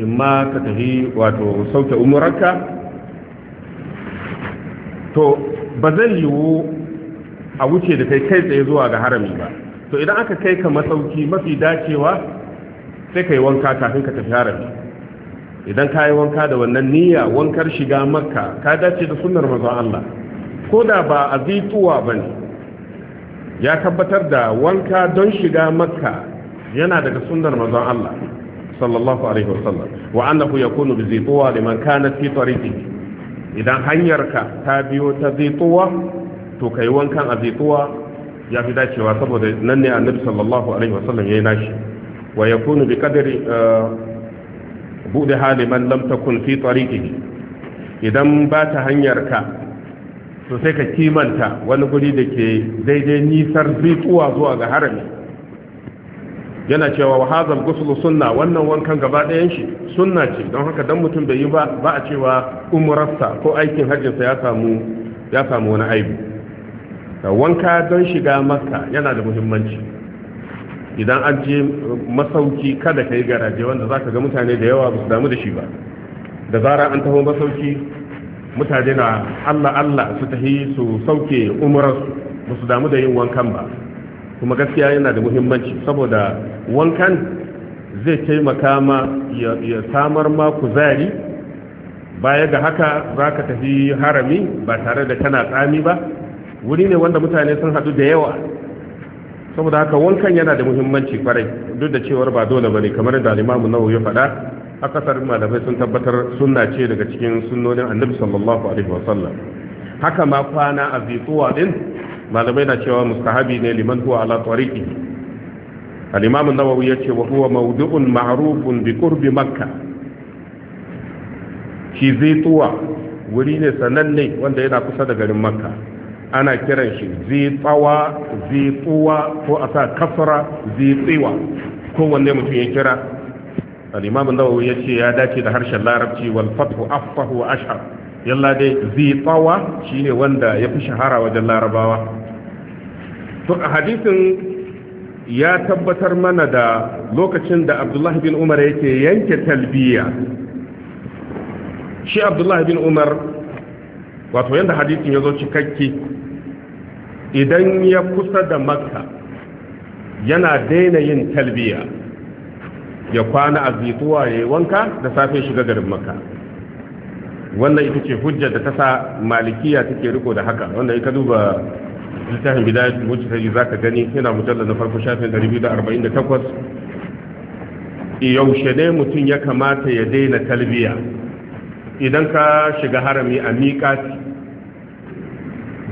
imma ka tafi wato sauke umaranka to ba zai yiwu a wuce da kai kai tsaye zuwa ga harami ba to idan aka kai ka masauki mafi dacewa sai ka yi wanka kafin ka tafi harami idan ka yi wanka da wannan niyya wankar shiga makka ka dace da sunnar manzon Allah ko da ba a ba ne ya tabbatar da wanka don shiga makka yana daga sunnar manzon Allah sallallahu alaihi wasallam wa annahu yakunu bi zituwa liman kana fi tariqi idan hanyarka ta biyo ta zituwa to kai wankan azituwa ya fi dacewa saboda nan ne annabi sallallahu alaihi wasallam yayin nashi wa yakunu bi qadri eh, bude haliman lam takun fi tariqihi idan ba ta hanyar ka to sai ka kimanta wani guri da ke daidai nisar zituwa zuwa ga harami yana cewa wa hazal ghuslu sunna wannan wankan gaba ɗayan shi sunna ce don haka dan mutum bai yi ba ba a cewa umrarsa ko aikin hajjinsa ya samu ya samu wani aibu wanka don shiga makka yana da muhimmanci idan an je masauki kada ka yi garaje wanda za ka ga mutane da yawa ba su damu da shi ba da zara an taho masauki mutane na allah allah su tahi su sauke umararsu ba su damu da yin wankan ba kuma gaskiya yana da muhimmanci saboda wankan zai taimaka ma ya samar ma kuzari baya ga haka za ka tafi harami ba tare da kana tsami ba wuri ne wanda mutane sun haɗu da yawa saboda haka wankan yana da muhimmanci kwarai duk da cewar ba dole bane kamar da Imam Nawawi ya faɗa akasar malamai sun tabbatar sunna ce daga cikin sunnonin Annabi sallallahu alaihi wasallam haka ma kwana a zituwa din malamai na cewa mustahabi ne liman huwa ala tariqi al-Imam nawawi ya ce wa huwa mawdu'un ma'rufun bi qurbi Makka shi zituwa wuri ne sananne wanda yana kusa da garin Makka ana kiran shi zitsawa zitsuwa ko a sa kasra zitsiwa kowanne mutum ya kira al-imam ya ce ya dace da harshen larabci wal fathu afsahu wa ashhar yalla dai zitsawa shine wanda ya fi shahara wajen larabawa to a hadisin ya tabbatar mana da lokacin da abdullahi bin umar yake yanke talbiya shi abdullahi bin umar wato yadda hadisin ya zo cikakke idan ya kusa da makka yana daina yin talbiya ya kwana a zituwa ya wanka da safe shiga garin makka wannan ita ce hujjar da ta sa malikiya take riko da haka wanda ita duba littafin yi mujtahid zaka gani yana mujallal na farko shafin 248 yaushe ne mutum ya kamata ya daina talbiya idan ka shiga harami a miƙati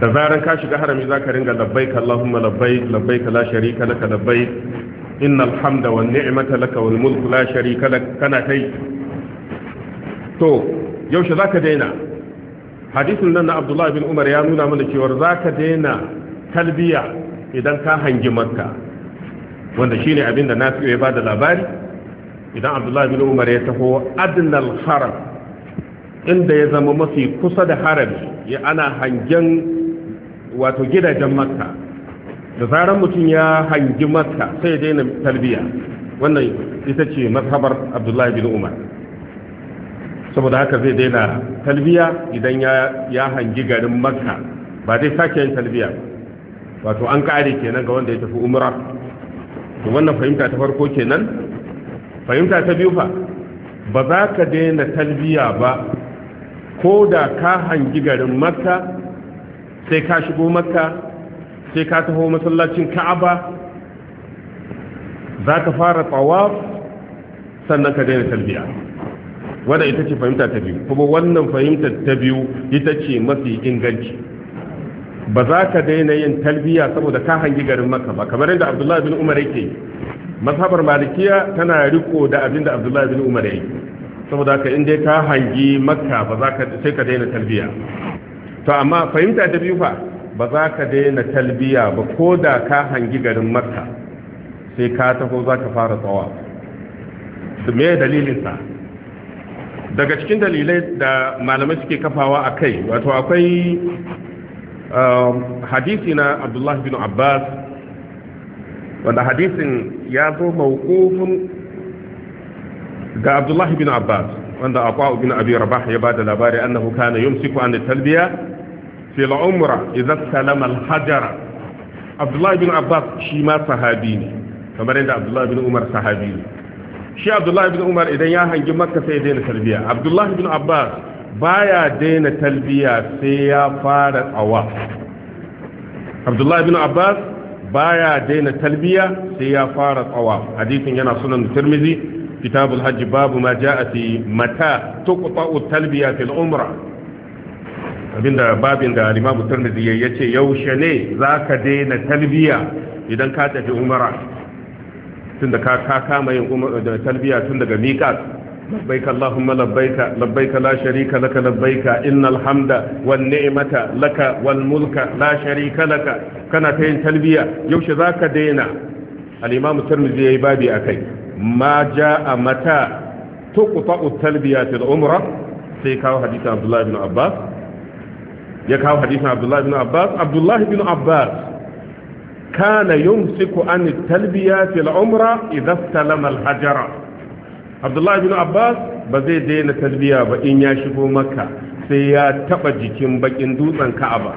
da zaran ka shiga harami za ka ringa ka Allahumma labbaik labbaik la sharika laka labbaik innal hamda wan ni'mata laka wal mulku la sharika lak kana kai to yaushe za ka daina hadisin nan na Abdullah bin Umar ya nuna mana cewa za ka daina talbiya idan ka hangi makka wanda shine abin da Nafi'u ya bada labari idan Abdullah bin Umar ya taho adnal haram inda ya zama mafi kusa da harami ya ana hangen wato gidajen makka da zarar mutum ya hangi makka sai ya daina talbiya wannan ita ce mazhabar abdullahi bin umar saboda haka zai daina talbiya idan ya hangi garin makka ba zai sake yin talbiya wato an kare kenan ga wanda ya tafi umra to wannan fahimta ta farko kenan fahimta ta biyu fa ba za ka daina talbiya ba ko da ka hangi garin makka sai ka shigo makka sai ka taho masallacin ka'aba za ka fara tsawaf sannan ka daina talbiya wadda ita ce fahimta ta biyu kuma wannan fahimtar ta biyu ita ce mafi inganci ba za ka daina yin talbiya saboda ka hangi garin makka ba kamar yadda abdullahi bin umar yake mazhabar malikiya tana riko da abin da abdullahi bin umar yake saboda ka inda ka hangi makka ba za ka sai ka daina talbiya to amma fahimta ta biyu fa ba za ka daina talbiya ba ko da ka hangi garin makka sai ka taho za ka fara tsawa me dalilinsa daga cikin dalilai da malamai suke kafawa a kai wato akwai um, hadisi na abdullahi bin abbas wanda hadisin ya zo mawukofin ga abdullahi bin abbas wanda akwa bin abi rabah ya ba da labari annahu kana yumsiku an talbiya fil umra idza salama al abdullahi bin abbas shi ma sahabi ne kamar yadda abdullahi bin umar sahabi ne shi abdullahi bin umar idan ya hangi maka sai ya daina talbiya abdullahi bin abbas baya daina talbiya sai ya fara tsawa abdullahi bin abbas baya daina talbiya sai ya fara tsawa hadisin yana sunan tirmizi kitabul hajj babu ma ja'a fi mata talbiya abinda babin da limamu tarmidiyya ya ce yaushe ne za ka daina talbiya idan ka tafi umara tun da ka kama yin talbiya tun daga miƙas labbaika allahumma labbaika labbaika la sharika laka labbaika innal hamda wan ni'mata laka wal mulka la sharika laka kana ta yin talbiya yaushe za ka daina al-imamu tarmidiyya yayi babi a kai ma jaa mata tuqta'u talbiya fil umra sai kawo hadisin abdullahi ibn abbas ya kawo hadisin abdullahi bin abbas abdullahi bin abbas kana yumsiku an talbiya fil umra idza salama al hajara abdullahi bin abbas ba zai daina talbiya ba in ya shigo makka sai ya taba jikin bakin dutsen ka'aba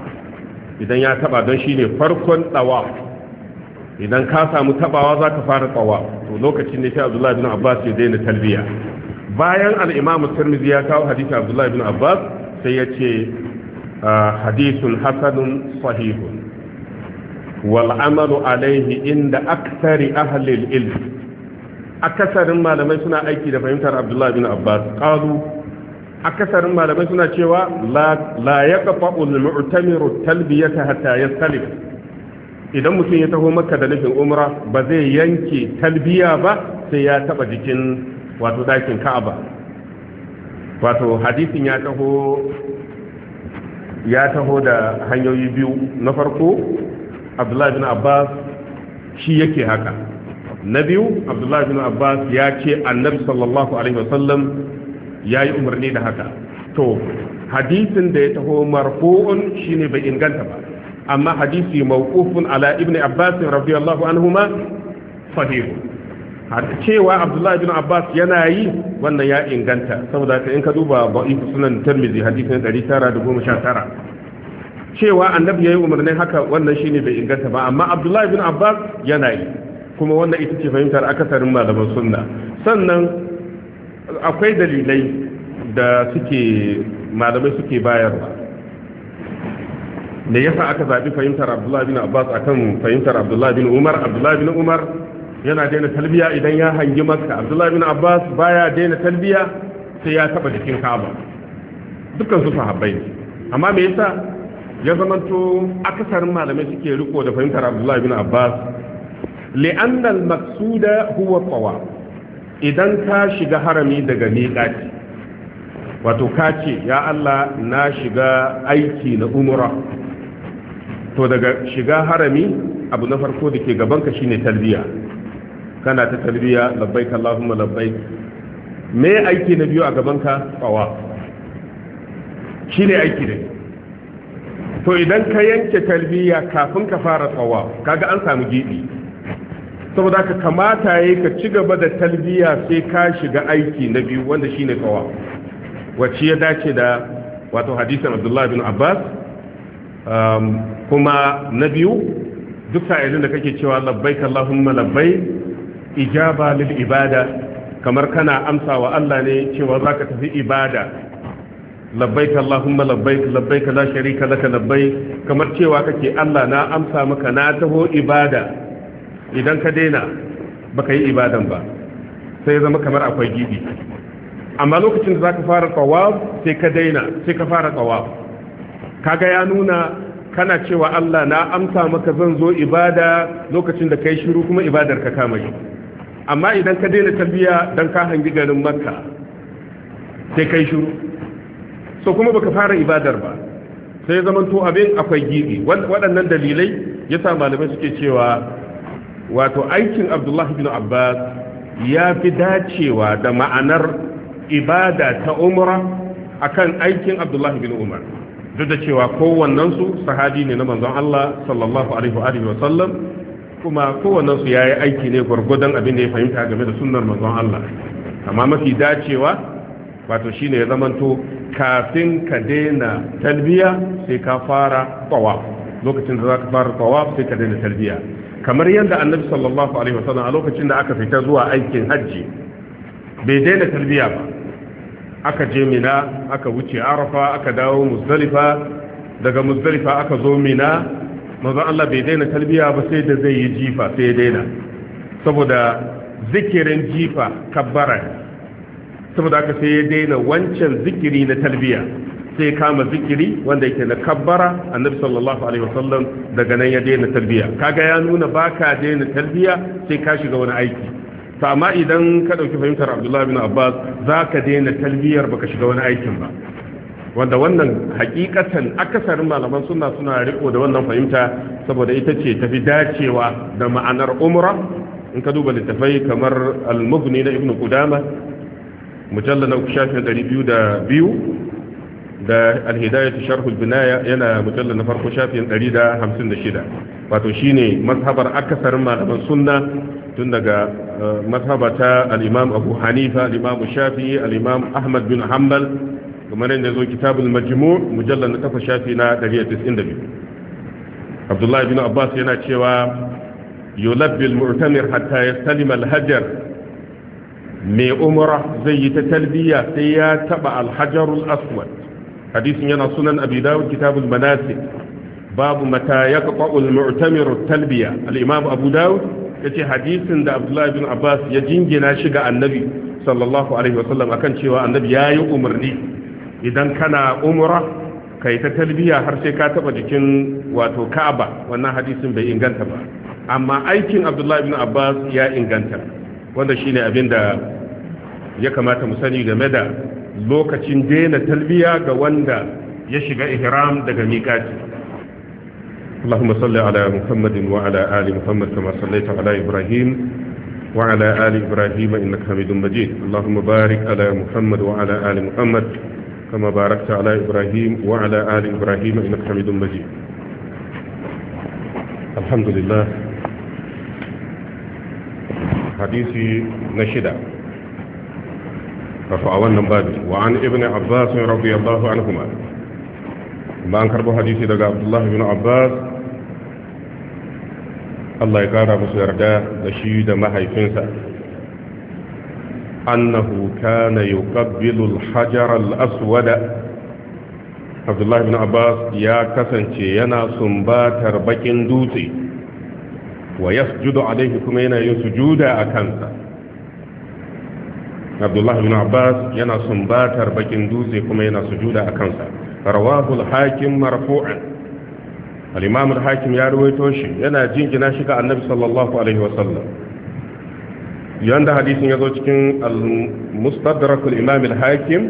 idan ya taba don shine farkon tsawa idan ka samu tabawa za ka fara tsawa to lokacin ne sai abdullahi bin abbas ya daina talbiya bayan al'imamu tirmidhi ya kawo hadisin abdullahi bin abbas sai ya ce hadisun hasanun sahihun wal'amalu alaihi inda aksari ahalil ilmi akasarin malamai suna aiki da fahimtar abdullahi bin abbas ƙalu akasarin malamai suna cewa la ya kafa ulmu'tamiru talbiyata hatta ya salif idan mutum ya taho maka da nufin umra ba zai yanke talbiya ba sai ya taba jikin wato dakin ka'aba wato hadisin ya taho ya taho da hanyoyi biyu na farko abdullahi bin abbas shi yake haka na biyu abdullahi bin abbas ya ce annabi sallallahu alaihi wasallam ya yi umarni da haka to hadisin da ya taho marfu'un shine bai inganta ba amma hadisi mawqufun ala ibni abbas radiyallahu anhuma sahihun cewa abdullahi bin abbas yana yi wannan ya inganta saboda ka in ka duba ba'i sunan tirmidhi hadisin 1919 cewa annabi yayi umarnin haka wannan shine bai inganta ba amma abdullahi bin abbas yana yi kuma wannan ita ce fahimtar akasarin malaman sunna sannan akwai dalilai da suke malamai suke bayarwa da yasa aka zaɓi fahimtar abdullahi bin abbas akan fahimtar abdullahi bin umar abdullahi bin umar yana daina talbiya idan ya hangi makka abdullahi bin abbas baya daina talbiya sai ya taba jikin kaba dukkan su sahabbai ne amma me yasa ya zamanto akasarin malamai suke riko da fahimtar abdullahi bin abbas li'anna al-maqsuda huwa idan ka shiga harami daga miƙati wato ka ce ya Allah na shiga aiki na umura to daga shiga harami abu na farko da ke gabanka shine talbiya kana ta talbiya labbaik allahumma labbaik me aiki na biyu a gaban ka tsawa shine aiki ne to idan ka yanke talbiya kafin ka fara tsawa kaga an samu gidi saboda ka kamata yayi ka ci gaba da talbiya sai ka shiga aiki na biyu wanda shine tsawa wacce ya dace da wato hadisin Abdullah bin Abbas kuma na biyu duk sa'ilin da kake cewa labbaik allahumma labbaik ijaba lil ibada kamar kana amsa wa Allah ne cewa zaka tafi ibada labbaik allahumma labbaik labbaik la sharika laka labbaik kamar cewa kake Allah na amsa maka na taho ibada idan ka daina baka yi ibadan ba sai zama kamar akwai gidi. amma lokacin da zaka fara tawaf sai ka daina sai ka fara tawaf kaga ya nuna kana cewa Allah na amsa maka zan zo ibada lokacin da kai shiru kuma ibadar ka kama yi amma idan ka daina tarbiya dan ka hangi garin makka sai kai shiru so kuma baka fara ibadar ba sai zaman to abin akwai gibi waɗannan dalilai yasa malamai suke cewa wato aikin abdullahi bin abbas ya fi dacewa da ma'anar ibada ta umra akan aikin abdullahi bin umar duk da cewa kowannensu sahabi ne na manzon Allah sallallahu alaihi wa sallam kuma kowane su yayi aiki ne gwargwadon abin da ya fahimta game da sunnar manzon Allah amma mafi dacewa wato shine ya zamanto kafin ka daina talbiya sai ka fara tawaf lokacin da zaka fara tawaf sai ka daina talbiya kamar yadda annabi sallallahu alaihi wasallam a lokacin da aka fita zuwa aikin hajji bai daina talbiya ba aka je mina aka wuce arafa aka dawo muzdalifa daga muzdalifa aka zo mina Maza Allah bai daina talbiya ba sai da zai yi jifa sai ya daina saboda zikirin jifa kabbara saboda haka sai ya daina wancan zikiri na talbiya sai kama zikiri wanda yake na kabbara annabi sallallahu alaihi wasallam daga nan ya daina talbiya kaga ya nuna baka daina talbiya sai ka shiga wani aiki to amma idan ka dauki fahimtar Abdullah bin Abbas zaka daina talbiyar baka shiga wani aikin ba wanda wannan hakikatan akasarin malaman suna suna riko da wannan fahimta saboda ita ce tafi dacewa da ma'anar umra in ka duba littafai kamar al-mughni na ibnu qudama mujalla na shafin 202 da biyu, da al-hidayat sharh al-binaya yana mujalla na farko shafin 156 wato shine mazhabar akasarin malaman sunna tun daga eh, mazhabata al-imam abu hanifa al-imam shafi'i al-imam ahmad bin hanbal kamar yadda zo kitabul majmu mujallar na kafa shafi na 192 Abdullahi bin Abbas yana cewa yulabbi al-mu'tamir hatta yastalima al-hajar mai umra zai yi ta talbiya sai ya taba al-hajarul aswad hadisin yana sunan abi dawud kitabul manasik babu mata yaqta'u al-mu'tamir talbiya al abu dawud yace hadisin da Abdullahi bin Abbas ya jingina shi ga annabi sallallahu alaihi wasallam akan cewa annabi ya yi umarni idan kana umra yi ta talbiya har sai ka taba jikin wato ka'aba wannan hadisin bai inganta ba amma aikin abdullahi ibn abbas ya inganta wanda shine abin da ya kamata mu sani game da lokacin daina talbiya ga wanda ya shiga ihram daga miƙati اللهم صل على محمد وعلى آل محمد كما صليت على إبراهيم ali ibrahim إبراهيم إنك حميد مجيد اللهم بارك على محمد وعلى ali muhammad. كما باركت على إبراهيم وعلى آل إبراهيم إنك حميد مجيد الحمد لله حديثي نشدة رفعونا بابي وعن ابن عباس رضي الله عنهما ما أنكر حديثي لقى عبد الله بن عباس الله يقارب سيرده لشيد ما هيفنسه annahu kana yuqabbilu al-hajar al-aswad Abdullah Abbas ya kasance yana sumbatar bakin dutse wa yasjudu alaihi kuma yana yin sujuda a kansa Abdullah ibn Abbas yana sumbatar bakin dutse kuma yana sujuda a kansa rawahu hakim marfu'an al hakim ya rawaito yana jingina shi ga annabi sallallahu alaihi yanda hadisin ya zo cikin al-mustadrak al-imam al-hakim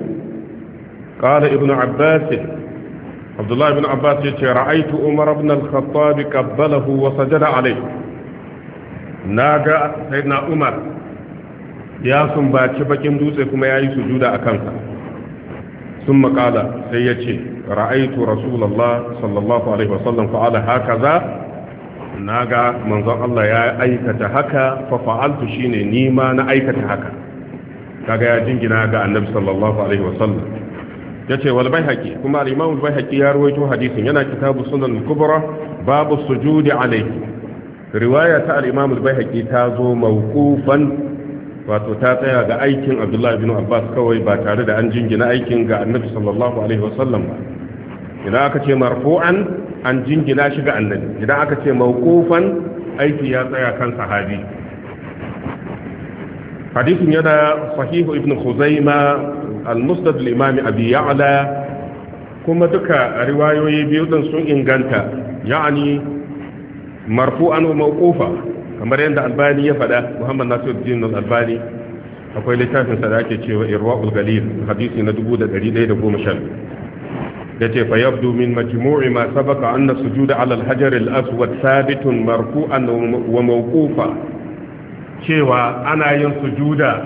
qala ibnu abbas abdullah ibn abbas yace ra'aytu umar ibn al-khattab qabbalahu wa sajada alayhi naga sayyidina umar ya sumbaci bakin dutse kuma sujuda akan sa ثم قال سيتي رأيت رسول الله صلى الله عليه وسلم فعل هكذا Na ga manzon Allah ya aikata haka fa fa'altu shine ni ma na aikata haka ga ya jingina ga annabi sallallahu alaihi wasallam yace wal baihaqi kuma al bai al ya rawaito hadisin yana kitabu sunan al-kubra babu sujudi alayhi riwaya ta al-imam ta zo mawqufan wato ta tsaya ga aikin Abdullahi bin Abbas kawai ba tare da an jingina aikin ga annabi sallallahu alaihi wasallam ba idan aka ce marfu'an an jingina shi ga annabi idan aka ce mawqufan aiki ya tsaya kan sahabi hadisin yana sahihu ibn khuzaima al-musnad al-imam abi ya'la kuma duka riwayoyi biyu din sun inganta ya'ani marfu'an wa mawqufa kamar yadda albani ya faɗa muhammad nasiruddin al-albani akwai littafin sa da ake cewa irwaul galil hadisi na 1110 ce fa yabdu min majmu'i ma sabaqa anna sujuda 'ala al-hajar al-aswad thabitun marfu'an wa mawqufa cewa ana yin sujuda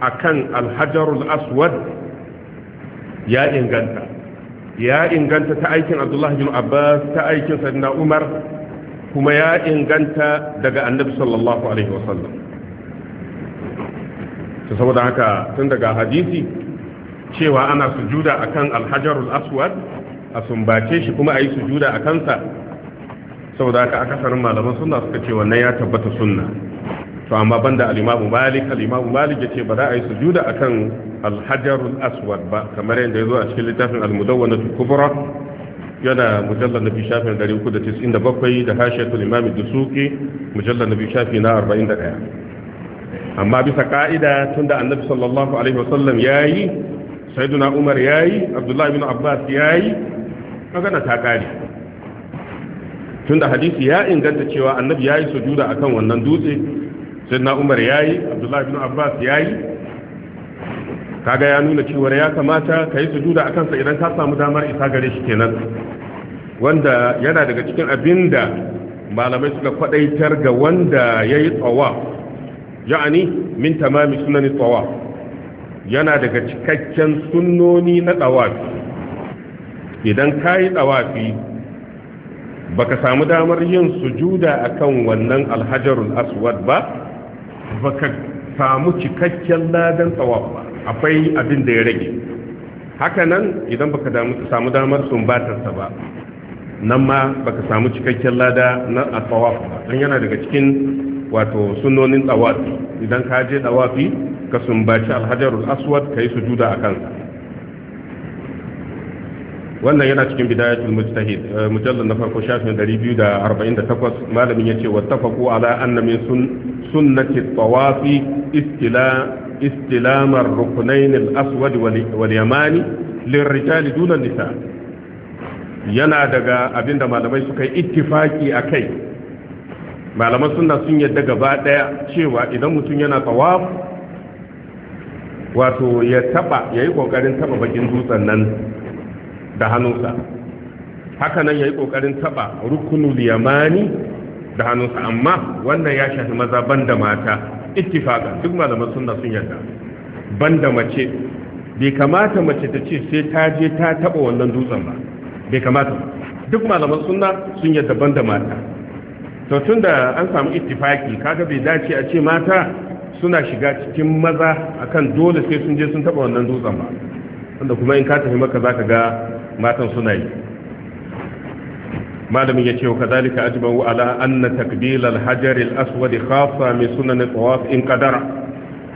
akan al-hajar al-aswad ya inganta ya inganta ta aikin Abdullah bin Abbas ta aikin Sayyidina Umar kuma ya inganta daga Annabi sallallahu alaihi wasallam saboda haka tun daga hadisi cewa ana sujuda kan alhajarul aswad a sumbace shi kuma a yi sujuda a kansa Sau da aka akasarin malaman suna suka ce wannan ya tabbata sunna to amma ban da Alimamu malik Alimamu Malik ya ce ba za a yi sujuda a kan Alhajarul aswad ba kamar yadda ya zo a cikin littafin al-mudawwanatul kubra yana mujallal nabi shafin dari uku da da da bakwai hashiyatul imam dusuki mujallal nabi shafi na arba'in da ɗaya. amma bisa ka'ida tun da annabi sallallahu alaihi wasallam yi. sayyiduna umar yayi abdullahi ibn abbas yayi magana ta kare tunda hadisi ya inganta cewa annabi yayi sujuda akan wannan dutse sayyiduna umar yayi abdullahi ibn abbas yayi kaga ya nuna cewa ya kamata kai sujuda akan sa idan ka samu damar isa gare shi kenan wanda yana daga cikin abinda malamai suka kwadaitar ga wanda yayi tsawa ya'ani min tamami sunan tsawa yana daga cikakken sunnoni na ɗawafi idan ka yi ɗawafi baka samu damar yin sujuda akan wannan alhajarul aswad ba baka samu cikakken ladan tsawaf ba akwai abin da ya rage hakanan idan baka samu damar sumbatarsa ba nan ma baka samu cikakken lada na a ba don yana daga cikin wato sunonin tsawafi idan ka je tsawafi ka sumbaci alhajarul aswad ka yi sujuda a kansa wannan yana cikin bidayatul mujtahid eh, mujallal na farko shafin 248 malamin yace wattafaqu ala anna min sunnati tawafi istila istilamar ruknayn al-aswad wal yamani lirrijal duna nisa yana daga abinda malamai suka yi ittifaki akai malaman sunna sun yadda gaba daya cewa idan mutum yana tawaf wato ya taba ya yi kokarin taba bakin dutsen nan da hannunsa haka nan ya yi kokarin taba rukunu yamani da hannunsa amma wannan ya shafi maza banda mata ittifaqan duk malaman sunna sun yarda banda mace bai kamata mace ta ce sai ta je ta taba wannan dutsen ba bai kamata duk malaman sunna sun yarda banda mata to tunda an samu ittifaki kaga bai dace a ce mata suna shiga cikin maza akan dole sai sun je sun taba wannan dutsen ba wanda kuma in ka tafi maka za ka ga matan suna yi malamin ya ce wa kazalika ajma'u ala anna takbil al-hajar al-aswad khassa min sunan tawaf in qadara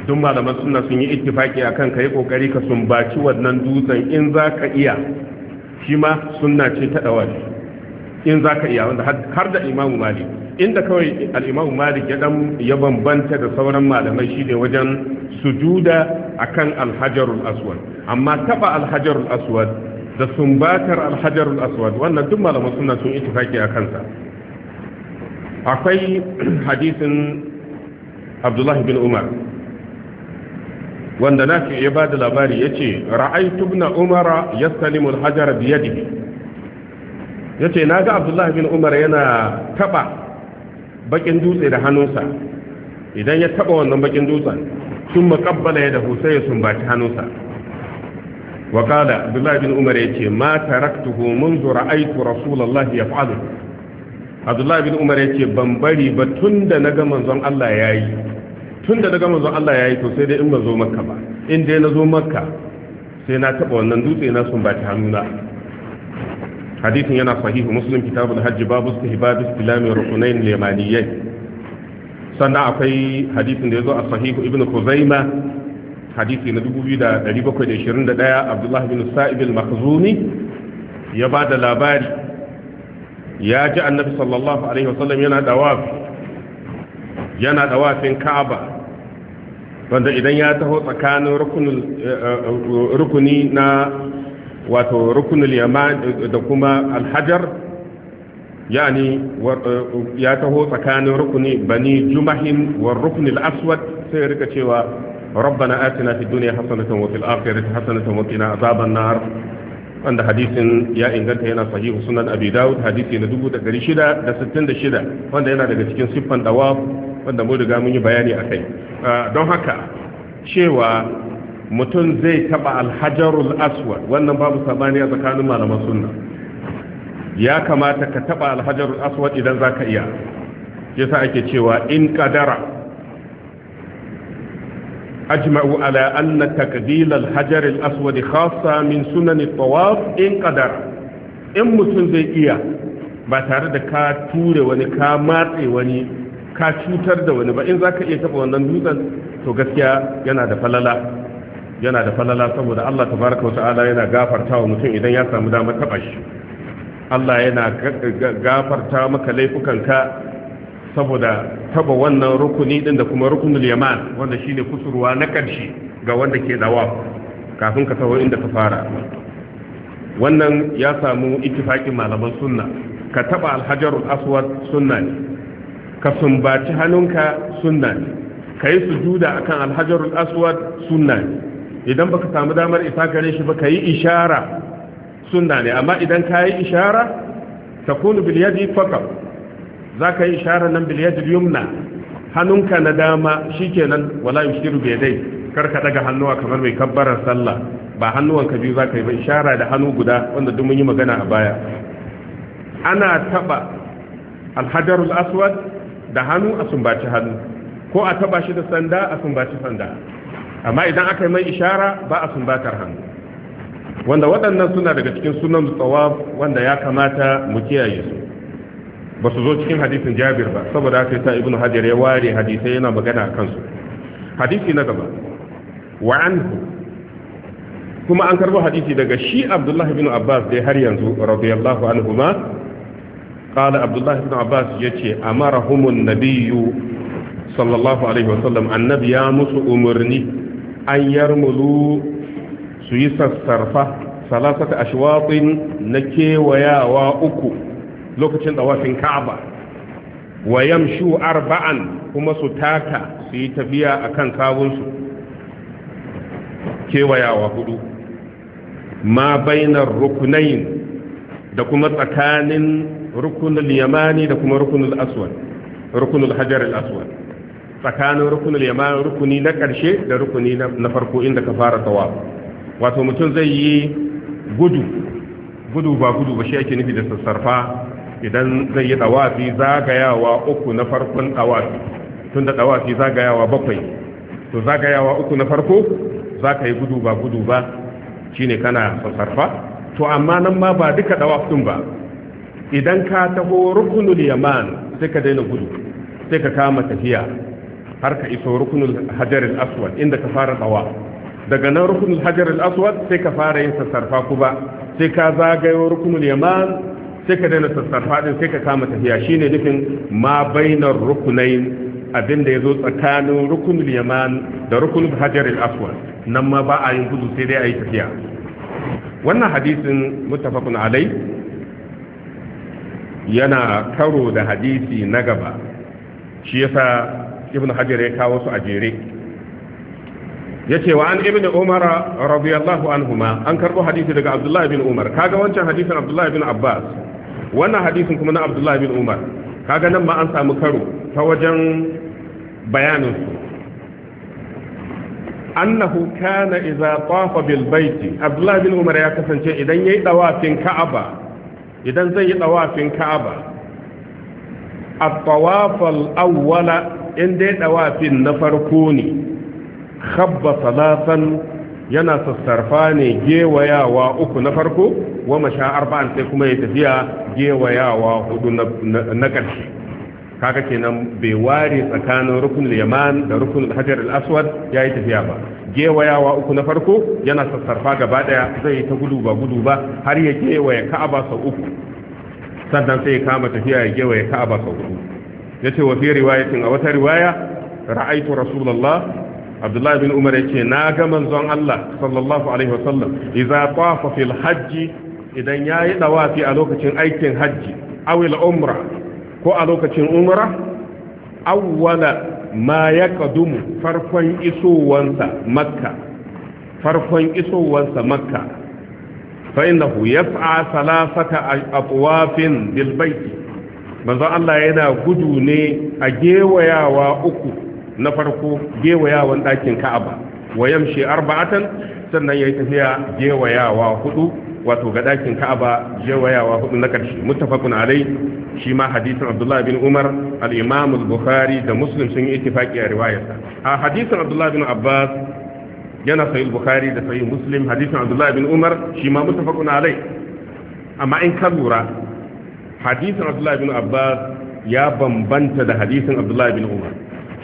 duk malaman suna sun yi ittifaki akan kai kokari ka sun baci wannan dutsen in za ka iya shi ma sunna ce ta in za ka iya wanda har da imamu malik inda kawai al'imamu malik ya dan ya bambanta da sauran malamai shi ne wajen sujuda akan alhajarul aswad amma taba alhajarul aswad da sumbatar alhajarul aswad wannan duk malaman suna sun itifaki a kansa akwai hadisin abdullahi bin umar wanda nafi ya ba da labari ya ce ra'aitu ibn umara yassalimu alhajar biyadihi ya ce na ga abdullahi bin umar yana taɓa bakin dutse da hannunsa idan ya taɓa wannan bakin dutsen sun makabbala ya da husai ya sumbaci hannunsa وقال عبد الله بن عمر يتي ما تركته منذ رأيت رسول الله ya عبد الله بن عمر يتي بمبري بتند نغا ba tun da tunda gama zon Allah ya yi to sai dai in ba zo makka ba in dai na zo makka sai na taba wannan dutse na sun bata hannuna hadisin yana sahihu muslim kitabul hajj babu istihbab istilami rukunain yamaniyain sannan akwai hadisin da yazo a sahihu ibn khuzaima hadisi na 2721 abdullahi bin sa'ib al-makhzumi ya ba da labari ya ji annabi sallallahu alaihi wasallam yana dawafi yana dawafin ka'aba wanda idan ya taho tsakanin eh, eh, rukuni na wato rukunin yaman da kuma alhajar e, ya taho tsakanin rukuni bani jumahin wa aswad sai ya rika cewa rabbana atina fi duniya ya inganta yana sahihu sunan abi daud hadisi na 1666 wanda yana daga cikin siffan dawab wanda mu riga mun bayani akai don haka cewa mutum zai taba alhajarul aswad wannan babu sabani a tsakanin malaman sunna ya kamata ka taba alhajarul aswad idan ka iya yasa ake cewa in qadara ajma'u ala anna taqdil alhajar aswad khassa min sunan at-tawaf in qadara in mutum zai iya ba tare da ka ture wani ka matse wani ka cutar da wani ba in zaka iya taba wannan dutsen to gaskiya yana da falala yana da falala saboda Allah tabaraka wata'ala yana gafarta wa mutum idan ya samu damar taɓa shi Allah yana gafarta maka laifukanka saboda taba wannan rukuni din da kuma rukunul yaman wanda shine kusurwa na karshe ga wanda ke dawa kafin ka tawo inda ka fara wannan ya samu ittifaqin malaman sunna ka taba alhajarul aswad sunna ne ka sumbaci hannunka sunna ne ka yi sujuda akan alhajarul aswad sunna ne idan baka samu damar isa gare shi ba ka yi ishara sunna ne amma idan ka yi ishara takunu kunu biliyadi za ka yi ishara nan biliyadi yumna hannunka na dama shikenan wala yushiru bai dai ka daga hannuwa kamar mai kabbarar sallah ba ka biyu za ka yi ba ishara da hannu guda wanda duk mun yi magana a baya ana taba alhajarul aswad da hannu a sumbaci hannu ko a taba shi da sanda a sumbaci sanda amma idan aka yi mai ishara ba a sumbatar hannu wanda waɗannan suna daga cikin sunan tsawab wanda ya kamata mu kiyaye su ba su zo cikin hadisin jabir ba saboda haka ta ibnu hajar ya ware hadisai yana magana a kansu hadisi na gaba wa anhu kuma an karbo hadisi daga shi abdullahi ibn abbas dai har yanzu radiyallahu anhu ma قال عبد الله بن عباس يتي أمرهم النبي صلى الله عليه وسلم النبي يا مس أمرني an yarmulu su yi sassarfa salasata ashwatin na kewayawa uku lokacin dawafin ka'aba wa yamshu arba'an kuma su taka su yi tafiya kan kawunsu kewayawa hudu ma bainar rukunain da kuma tsakanin rukunul yamani da kuma rukunul aswad rukunul hajar aswad tsakanin rukunin yamani rukuni na ƙarshe da rukuni na farko inda ka fara tsawa wato mutum zai yi gudu gudu ba gudu ba shi ake nufi da sassarfa idan zai yi ɗawafi zagayawa uku na farkon ɗawafi tun da ɗawafi zagayawa bakwai to zagayawa uku na farko za ka yi gudu ba gudu ba shine kana sassarfa to amma nan ma ba duka ɗawafin ba idan ka taho rukunul yaman sai ka daina gudu sai ka kama tafiya har ka iso rukunul hajar aswad inda ka fara tsawa daga nan rukunul hajar aswad sai ka fara yin sassarfa kuba sai ka zagayo rukunul yaman sai ka daina sassarfa din sai ka kama tafiya shine nufin ma bainar rukunain abin da ya zo tsakanin rukunul yaman da rukunul hajar aswad nan ma ba a yin gudu sai dai a yi tafiya wannan hadisin mutafakun alai yana karo da hadisi na gaba shi yasa ibn hajar ya kawo su a jere ya ce wa an ibn umar radiyallahu anhuma an karbo hadisi daga abdullahi bin umar kaga wancan hadisin abdullahi bin abbas wannan hadisin kuma na abdullahi bin umar kaga nan ma an samu karo ta wajen bayanin su annahu kana idza tafa bil baiti abdullahi bin umar ya kasance idan yayi dawafin ka'aba idan zai yi dawafin ka'aba at-tawaf al-awwala in dai ɗawafin na farko ne khabba salatan yana sassarfa ne gewayawa uku na farko wa masha arba'an sai kuma ya tafiya gewayawa hudu na ƙarshe kaga kenan bai ware tsakanin rukun yaman da rukun hajar al-aswad yi tafiya ba gewayawa uku na farko yana sassarfa gaba daya zai ta gudu ba gudu ba har ya gewaya ka'aba sau uku sannan sai ya kama tafiya ya gewaya ka'aba sau uku yace wa fi riwayatin a wata riwaya ra'aitu rasulullah abdullahi bin umar yace na ga manzon Allah sallallahu alaihi wasallam idza tafa fil hajji idan yayi dawafi a lokacin aikin hajji aw al umra ko a lokacin umra awwala ma yaqdumu farkon isowansa makka farkon isowansa makka fa innahu yas'a salasata atwafin bil baiti manzon Allah yana gudu ne a gewayawa uku na farko gewayawan ɗakin ka'aba wa yamshi arba'atan sannan ya yi tafiya gewayawa hudu wato ga ɗakin ka'aba gewayawa hudu na ƙarshe muttafaqun alai shi ma hadisin Abdullahi bin Umar al-Imam al-Bukhari da Muslim sun yi ittifaqi a riwayarsa a hadisin Abdullahi bin Abbas yana sahih Bukhari da sahih Muslim hadisin Abdullahi bin Umar shi ma muttafaqun alai amma in ka lura hadisin abdullahi bin abbas ya bambanta da hadisin abdullahi bin umar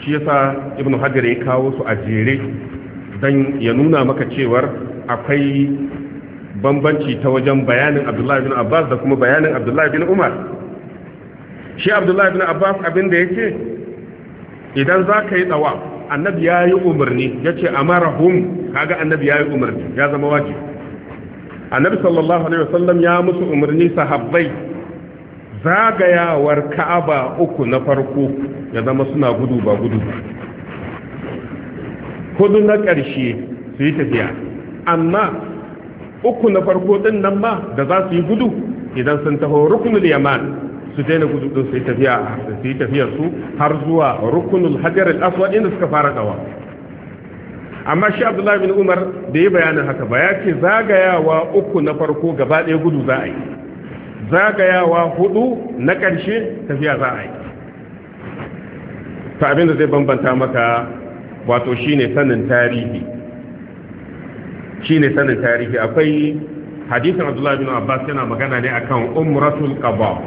shi yasa ibnu hajar ya kawo su a jere dan ya nuna maka cewar akwai bambanci ta wajen bayanin abdullahi bin abbas da kuma bayanin abdullahi bin umar shi abdullahi bin abbas abin da yake idan za ka yi tsawa annabi ya yi umarni ya ce amarahum kaga annabi ya yi umarni ya zama wajibi annabi sallallahu alaihi wasallam ya musu umarni sahabbai zagayawar ka'aba uku na farko ya zama suna gudu ba gudu Kudu hudu na ƙarshe su yi tafiya amma uku na farko ɗin nan ma da za su yi gudu idan sun taho rukunul yaman su daina gudu ɗin su yi tafiya su yi tafiya su har zuwa rukunul hajjar al'aswa inda suka fara kawa amma shi abdullahi bin umar da ya bayanin haka ba ya ce zagayawa uku na farko gaba ɗaya gudu za a yi zagayawa hudu na ƙarshe tafiya za a yi ta abinda zai bambanta maka wato shine sanin tarihi shine sanin tarihi akwai hadisin abdullahi bin abbas yana magana ne akan umratul qaba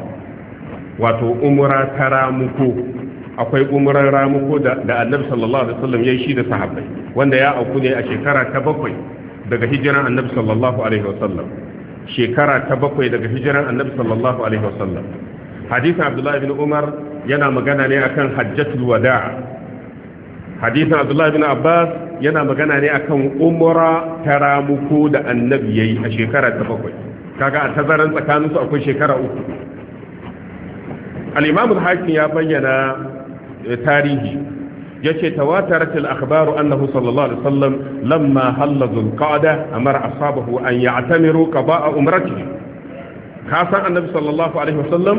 wato umra ta ramuko akwai umran ramuko da annabi sallallahu alaihi wasallam yayi shi da sahabbai wanda ya auku ne a shekara ta bakwai daga hijiran annabi sallallahu alaihi wasallam shekara ta bakwai daga hijiran annabi sallallahu alaihi wasallam hadisin abdullahi bin umar yana magana ne akan hajjatul wada hadisin abdullahi bin abbas yana magana ne akan umra ta ramuko da annabi yayi a shekara ta bakwai kaga a tazaran tsakanin su akwai shekara uku al-imam al-hakim ya bayyana eh, tarihi yace tawatarat al akhbaru annahu sallallahu alaihi wasallam lamma halla zulqa'da amara ashabahu an ya'tamiru qada'a umratihi ka san annabi sallallahu alaihi wasallam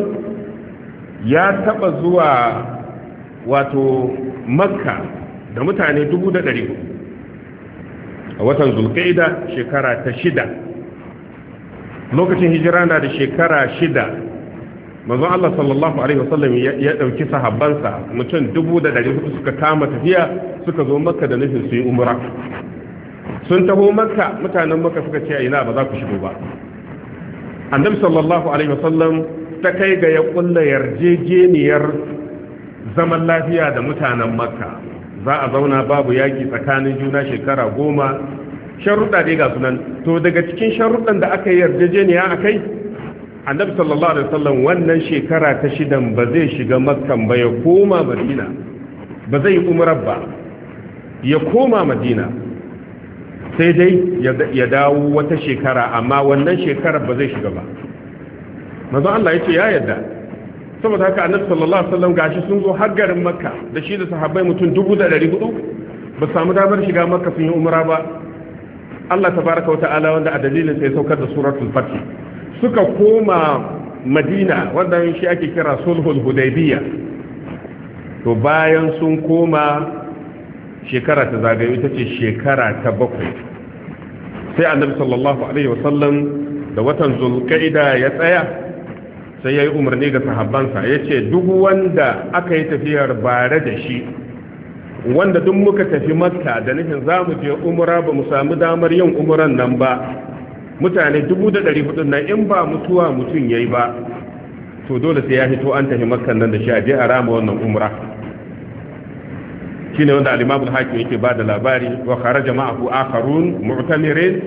ya taba zuwa wato makka da mutane 1400 a watan zulqa'da shekara ta shida lokacin hijira na da shekara shida manzon Allah sallallahu alaihi wasallam ya dauki sahabbansa mutum dubu da ɗari hudu suka kama tafiya suka zo makka da nufin su yi umra sun taho makka mutanen makka suka ce ina ba za ku shigo ba annabi sallallahu alaihi wasallam ta kai ga ya kulla yarjejeniyar zaman lafiya da mutanen makka za a zauna babu yaki tsakanin juna shekara goma sharuɗa dai ga sunan to daga cikin sharuɗan da aka yi yarjejeniya akai annabi sallallahu alaihi wasallam wannan shekara ta shidan ba zai shiga makkan ba ya koma madina ba zai umrar ba ya koma madina sai dai ya dawo wata shekara amma wannan shekara ba zai shiga ba manzo Allah yace ya yarda saboda haka annabi sallallahu alaihi wasallam gashi sun zo har garin makka da shi da sahabbai mutum 1400 ba samu damar shiga makka sun yi umra ba Allah tabaraka wa ta'ala wanda a dalilin sai saukar da suratul fatih suka koma madina wannan shi ake kira sulhul hudaybiya to bayan sun koma shekara ta zagayo ita ce shekara ta bakwai sai annabi sallallahu alaihi wasallam da watan zulqa'ida ya tsaya sai ya yi umarni ga sahabbansa ya ce duk wanda aka yi tafiyar bare da shi wanda duk muka tafi makka da nufin za mu je umara ba mu samu damar yin umaran nan ba mutane 1400 na in ba mutuwa mutum yayi ba to dole sai ya fito an tafi makar nan da shi a je a rama wannan umra Shi ne wanda alimabul haƙi yake ba da labari wa jama'a ma'ahu akharun mu'tamirin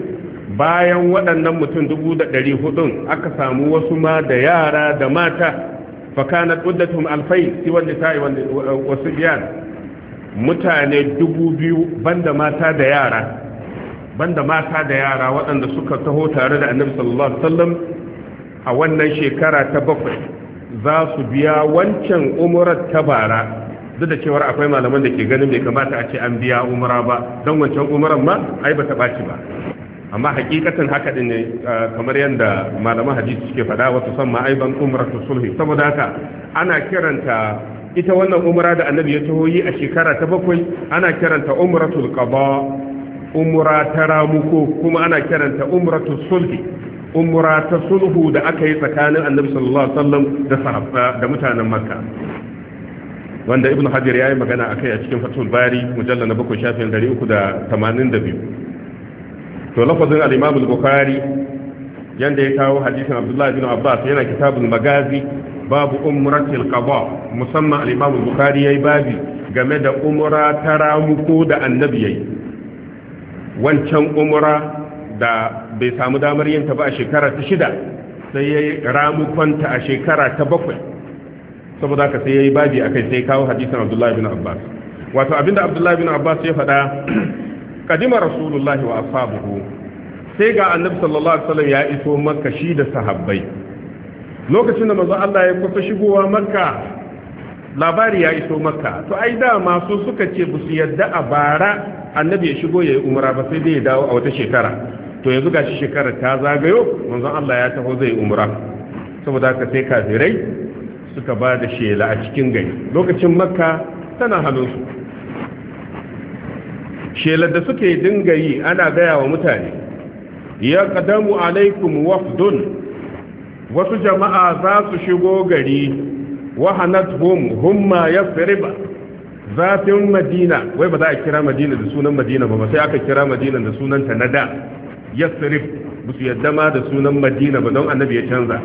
bayan waɗannan mutum 1400 aka samu wasu ma da yara da mata fa alfai si wanda ta yi wasu biyan. mutane 2000 banda mata da yara banda mata da yara waɗanda suka taho tare da annabi sallallahu alaihi wasallam a wannan shekara ta bakwai za su biya wancan umurar ta bara duk da cewar akwai malaman da ke ganin bai kamata a ce an biya umara ba don wancan umaran ma ai ba ta ɓaci ba amma hakikatan haka din ne kamar yadda malaman hadisi suke faɗa wasu san ma ai ban umratu sulhi saboda haka ana kiranta ita wannan umra da annabi ya taho yi a shekara ta bakwai ana kiranta umratul qada umra ta ramuko kuma ana kiranta ta sulhi umra ta sulhu da aka yi tsakanin annabi sallallahu alaihi wasallam da sahabba da mutanen makka wanda ibnu hajar yayi magana akai a cikin fatul bari mujallal na 7 shafin 382 to lafazin al-imam al-bukhari yanda ya kawo hadisin abdullahi bin abbas yana kitabul magazi babu umratil qada musamman al-imam al-bukhari yayi babi game da umra ta ramuko da annabi yayi wancan umura da bai samu damar yin ta ba a shekara ta shida sai ya yi ramukonta a shekara ta bakwai saboda haka sai ya yi babi a kai sai kawo hadisan abdullahi bin abbas wato abinda abdullahi bin abbas ya faɗa kadima rasulullahi wa ashabuhu sai ga annabi sallallahu alaihi wasallam ya iso makka shi da sahabbai lokacin da manzo Allah ya kusa shigowa makka labari ya iso makka to ai da masu suka ce bu su yadda a bara annabi ya shigo ya yi umra ba sai dai ya dawo a wata shekara to yanzu gashi shekara ta zagayo manzon Allah ya taho zai umra saboda haka sai kafirai suka ba da shela a cikin gari lokacin makka tana hannunsu shelar da suke dinga yi ana gaya wa mutane ya kadamu alaikum wafdun wasu jama'a za su shigo gari wahanat hum humma yasriba zafin madina wai ba za a kira madina da sunan madina ba sai aka kira madina da sunanta na da yasrif ba su yadda ma da sunan madina ba don annabi ya canza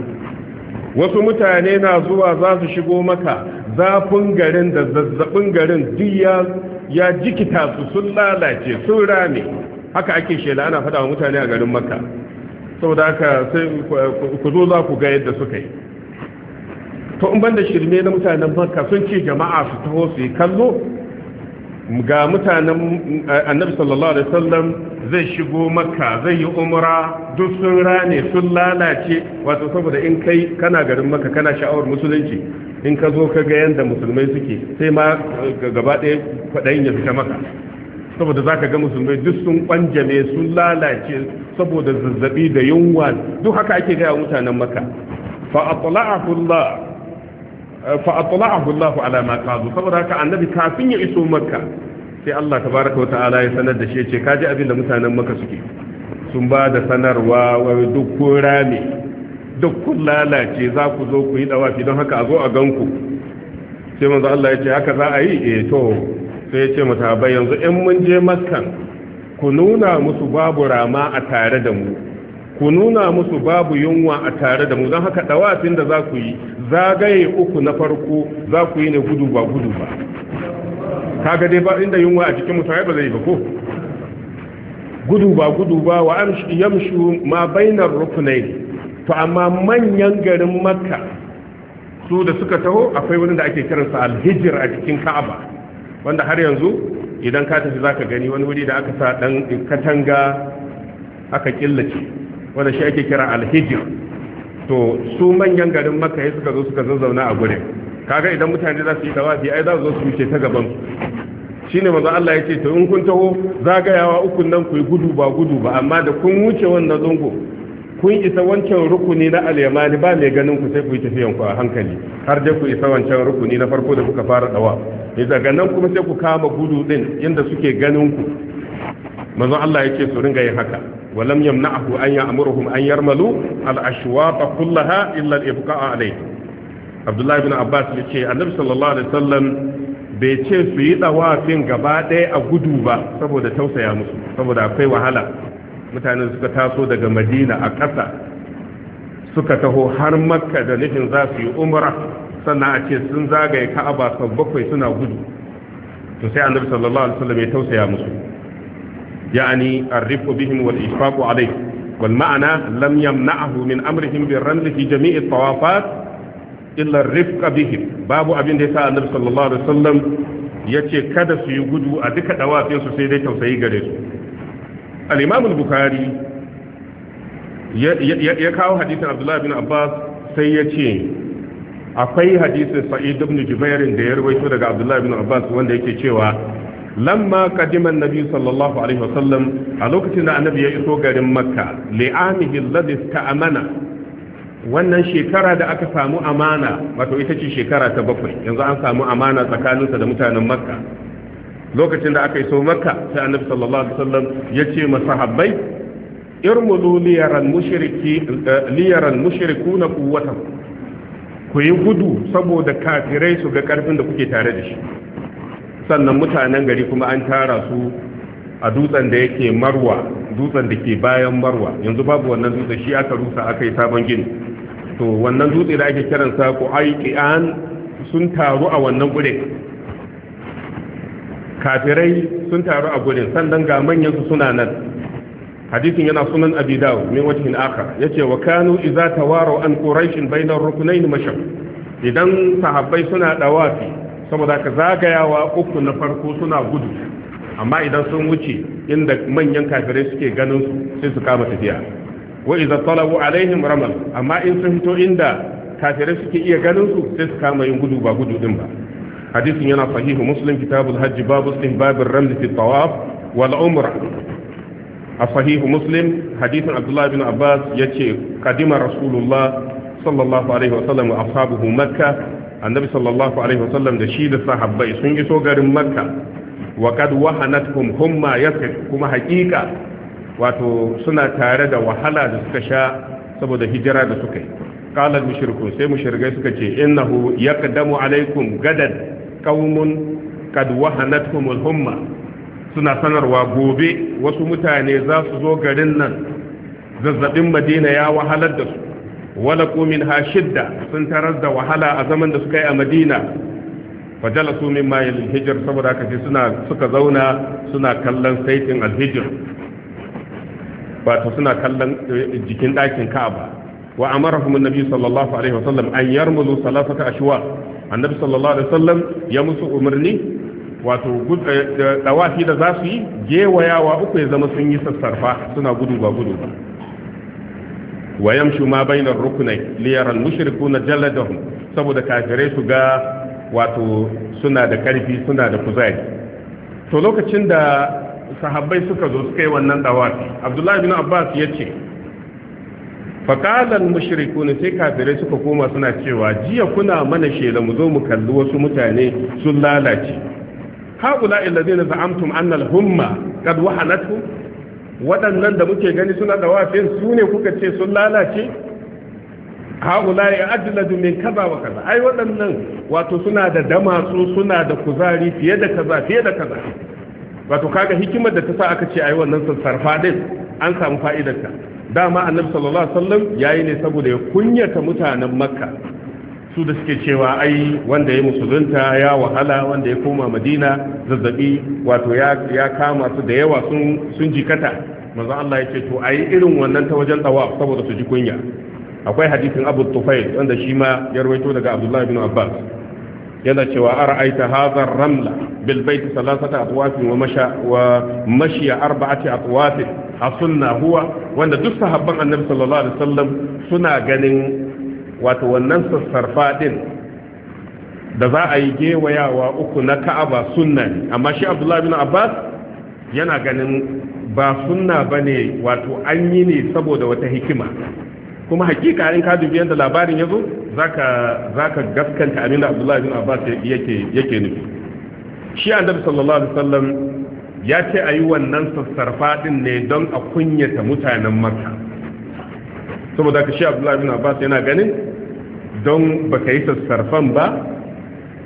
wasu mutane na zuwa za su shigo maka zafin garin da zazzabin garin duk ya jikita su sun lalace sun rame haka ake shela ana faɗa wa mutane a garin maka saboda haka sai ku zo za ku ga yadda suka yi to in banda shirme na mutanen makka sun ce jama'a su taho su yi kallo ga mutanen eh, annabi sallallahu alaihi wasallam zai shigo makka zai yi umra duk sun rane sun lalace wato saboda in kai kana garin makka kana sha'awar musulunci in ka zo ka ga yanda musulmai suke sai ma gaba ɗaya kwaɗayin ya fita maka saboda za ka ga musulmai duk sun kwanjame sun lalace saboda zazzabi da yunwa duk haka ake gaya mutanen makka fa atla'ahu Allah fa atla'ahu Allahu ala ma qalu saboda haka annabi kafin ya iso makka sai Allah tabaraka wa ta'ala ya sanar da shi ya ce kaji abin da mutanen makka suke sun ba da sanarwa wa duk rame duk kun lalace za ku zo ku yi dawafi don haka a zo a ganku sai manzo Allah ya ce haka za a yi eh to sai ya ce mata yanzu in mun je makka ku nuna musu babu rama a tare da mu ku nuna musu babu yunwa a tare da mu don haka dawafin da za ku yi zagaye uku na farko za ku yi ne gudu ba gudu ba kaga dai ba inda yunwa a jikin mutum ba zai ba ko gudu ba gudu ba wa yamshu ma bainar rukunai to amma manyan garin makka su da suka taho akwai wani da ake kiransa alhijir a cikin ka'aba wanda har yanzu idan ka tafi zaka gani wani wuri da aka sa dan katanga aka killace wanda shi ake kira alhijir to su manyan garin maka ya suka zo suka zazzauna a gurin kaga idan mutane za su yi tawafi ai za su zo su wuce ta gaban Shi shine manzo Allah ya to in kun taho zagayawa ukun nan ku yi gudu ba gudu ba amma da kun wuce wannan zango kun isa wancan rukuni na alyamani ba mai ganin ku sai ku yi tafiyan ku a hankali har dai ku isa wancan rukuni na farko da kuka fara dawa eh, daga nan kuma sai ku kama gudu din inda suke ganin ku manzo Allah yake su ringa yin haka ولم يمنعه أن يأمرهم أن يرملوا الأشواط كلها إلا الإبقاء عليه عبد الله بن عباس يقول النبي صلى الله عليه وسلم bai ce su yi tsawafin gaba ɗaya a gudu ba saboda tausaya musu saboda akwai wahala mutane suka taso daga madina a ƙasa suka taho har maka da nufin za su yi umra sannan a ce sun zagaye ka'aba sau bakwai suna gudu sai annabi sallallahu alaihi ya tausaya musu يعني الرفق بهم والإشفاق عليهم والمعنى لم يمنعه من أمرهم بالرمل في جميع الطوافات إلا الرفق بهم باب أبن ديساء النبي صلى الله عليه وسلم يتي كدس يقدو أدك دوافين سيدي توسعي قريس الإمام البخاري يكاو حديث عبد الله بن عباس سيتي akwai hadisin sa'id ibn jubair da ya rawaito daga abdullahi ibn abbas wanda yake cewa lamma qadiman nabi sallallahu alaihi wasallam a lokacin da annabi ya iso garin makka li'amihi alladhi ta'amana wannan shekara da aka samu amana wato ita ce shekara ta bakwai yanzu an samu amana tsakaninsa da mutanen makka lokacin da aka iso makka sai annabi sallallahu alaihi wasallam ya ce masahabbai irmulu liyaran mushriki eh, liyaran mushrikuna quwwatan ku yi gudu saboda kafirai su ga karfin da kuke tare da shi sannan mutanen gari kuma an tara su a dutsen da yake marwa dutsen da ke bayan marwa yanzu babu wannan dutse shi aka rusa aka yi sabon gini to wannan dutse da ake kiransa ku aiki an sun taru a wannan gure kafirai sun taru a gudun sannan ga manyan su suna nan hadisin yana sunan abi dawo min wajhin akhar yace wa kanu idza tawaru an quraish bainar ruknayn mashab idan sahabbai suna dawafi saboda ka zagayawa uku na farko suna gudu amma idan sun wuce inda manyan kafirai suke ganin su sai su kama tafiya wa idza talabu alaihim ramal amma in sun fito inda kafirai suke iya ganin su sai su kama yin gudu ba gudu din ba hadisin yana sahihu muslim kitabul hajj babu istihbabir raml fi tawaf wal umra a sahihu muslim hadisin abdullahi bin abbas yace kadima rasulullah sallallahu alaihi wa sallam wasallam ashabuhu makkah annabi sallallahu alaihi wasallam da shi da sahabbai sun iso garin makka wa kad wahanatuhum humma yasik kuma hakika wato suna tare da wahala da suka sha saboda hijira da suka yi qala al-mushriku sai mushrikai suka ce innahu yaqdamu alaikum gadan qaumun kad wahanatuhum al-humma suna sanarwa gobe wasu mutane za su zo garin nan zazzabin madina ya wahalar da su walaku min ha shidda sun tarar da wahala a zaman da suka yi a madina fajalasu min mayil hijir saboda haka sai suna suka zauna suna kallon saitin alhijir wato suna kallon eh, jikin ɗakin ka'aba wa amarahum Nabi sallallahu alaihi wasallam an yarmulu salasata ashwa annabi sallallahu alaihi wasallam ya musu umarni wato eh, dawafi da za su yi gewayawa uku ya zama sun yi sassarfa suna gudu ba gudu ba wa yamshu ma bainar rukunai liyaran mushrikuna jalladahum saboda kafirai su ga wato suna da karfi suna da kuzari to lokacin da sahabbai suka zo suka yi wannan dawafi abdullahi bin abbas ya ce fakalan mushriku ne sai kafirai suka koma suna cewa jiya kuna mana shela mu zo mu kalli wasu mutane sun lalace haula illazina za'amtum anna al-humma qad wahanatuhum waɗannan da muke gani suna da wafin su ne kuka ce sun lalace haula ya ajladu min kaza wa kaza ai waɗannan wato suna da damatsu suna da kuzari fiye da kaza fiye da kaza wato kaga hikimar da ta sa aka ce ai wannan sarfa din an samu fa'idarta dama annabi sallallahu alaihi wasallam yayi ne saboda ya kunyata mutanen makka su da suke cewa ai wanda ya musulunta ya wahala wanda ya koma madina zazzabi wato ya kama su da yawa sun jikata manzo Allah ya ce to ai irin wannan ta wajen tsawa saboda su ji kunya akwai hadisin Abu Tufail wanda shi ma ya rawaito daga Abdullah ibn Abbas yana cewa ara'aita hadha ramla bil bayt thalathata atwaf wa masha wa mashiya arba'ati atwaf asunna huwa wanda duk sahabban annabi sallallahu alaihi wasallam suna ganin wato wannan sassarfa din da za a yi gewayawa uku na ka'aba sunna ne amma shi abdullahi bin abbas yana ganin ba sunna ba ne wato an yi ne saboda wata hikima kuma hakika in ka dubi yadda labarin ya zo za ka gaskanta amin da abdullahi bin abbas yake nufi shi annabi sallallahu alaihi wasallam ya ce a yi wannan sassarfa din ne don a kunyata mutanen makka saboda ka shi abdullahi bin abbas yana ganin don ba ka yi sassarfan ba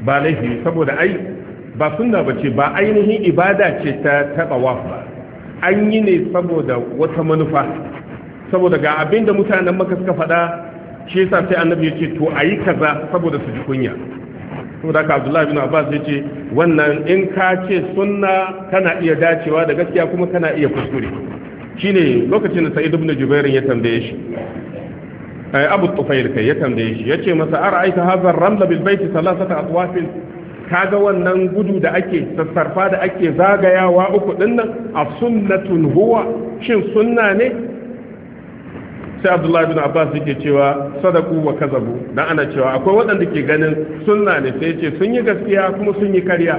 ba laifi saboda ai ba sunna ba ce ba ainihin ibada ce ta taɓa waf ba an yi ne saboda wata manufa saboda ga abin da mutanen maka suka faɗa shi yasa sai annabi ya ce to a yi kaza saboda su ji kunya saboda ka abdullahi bin abbas ya ce wannan in ka ce sunna kana iya dacewa da gaskiya kuma kana iya kuskure shine lokacin da sa'id ibn jubair ya tambaye shi ay abu tufail kai ya tambaye shi yace masa ara'aita hadha ar-ramla bil bayt thalathata atwafin kaga wannan gudu da ake sassarfa da ake zagayawa uku dinnan a sunnatun huwa shin sunna ne sai abdullahi bin abbas yake cewa sadaku wa kazabu dan ana cewa akwai waɗanda ke ganin sunna ne sai yace sun yi gaskiya kuma sun yi karya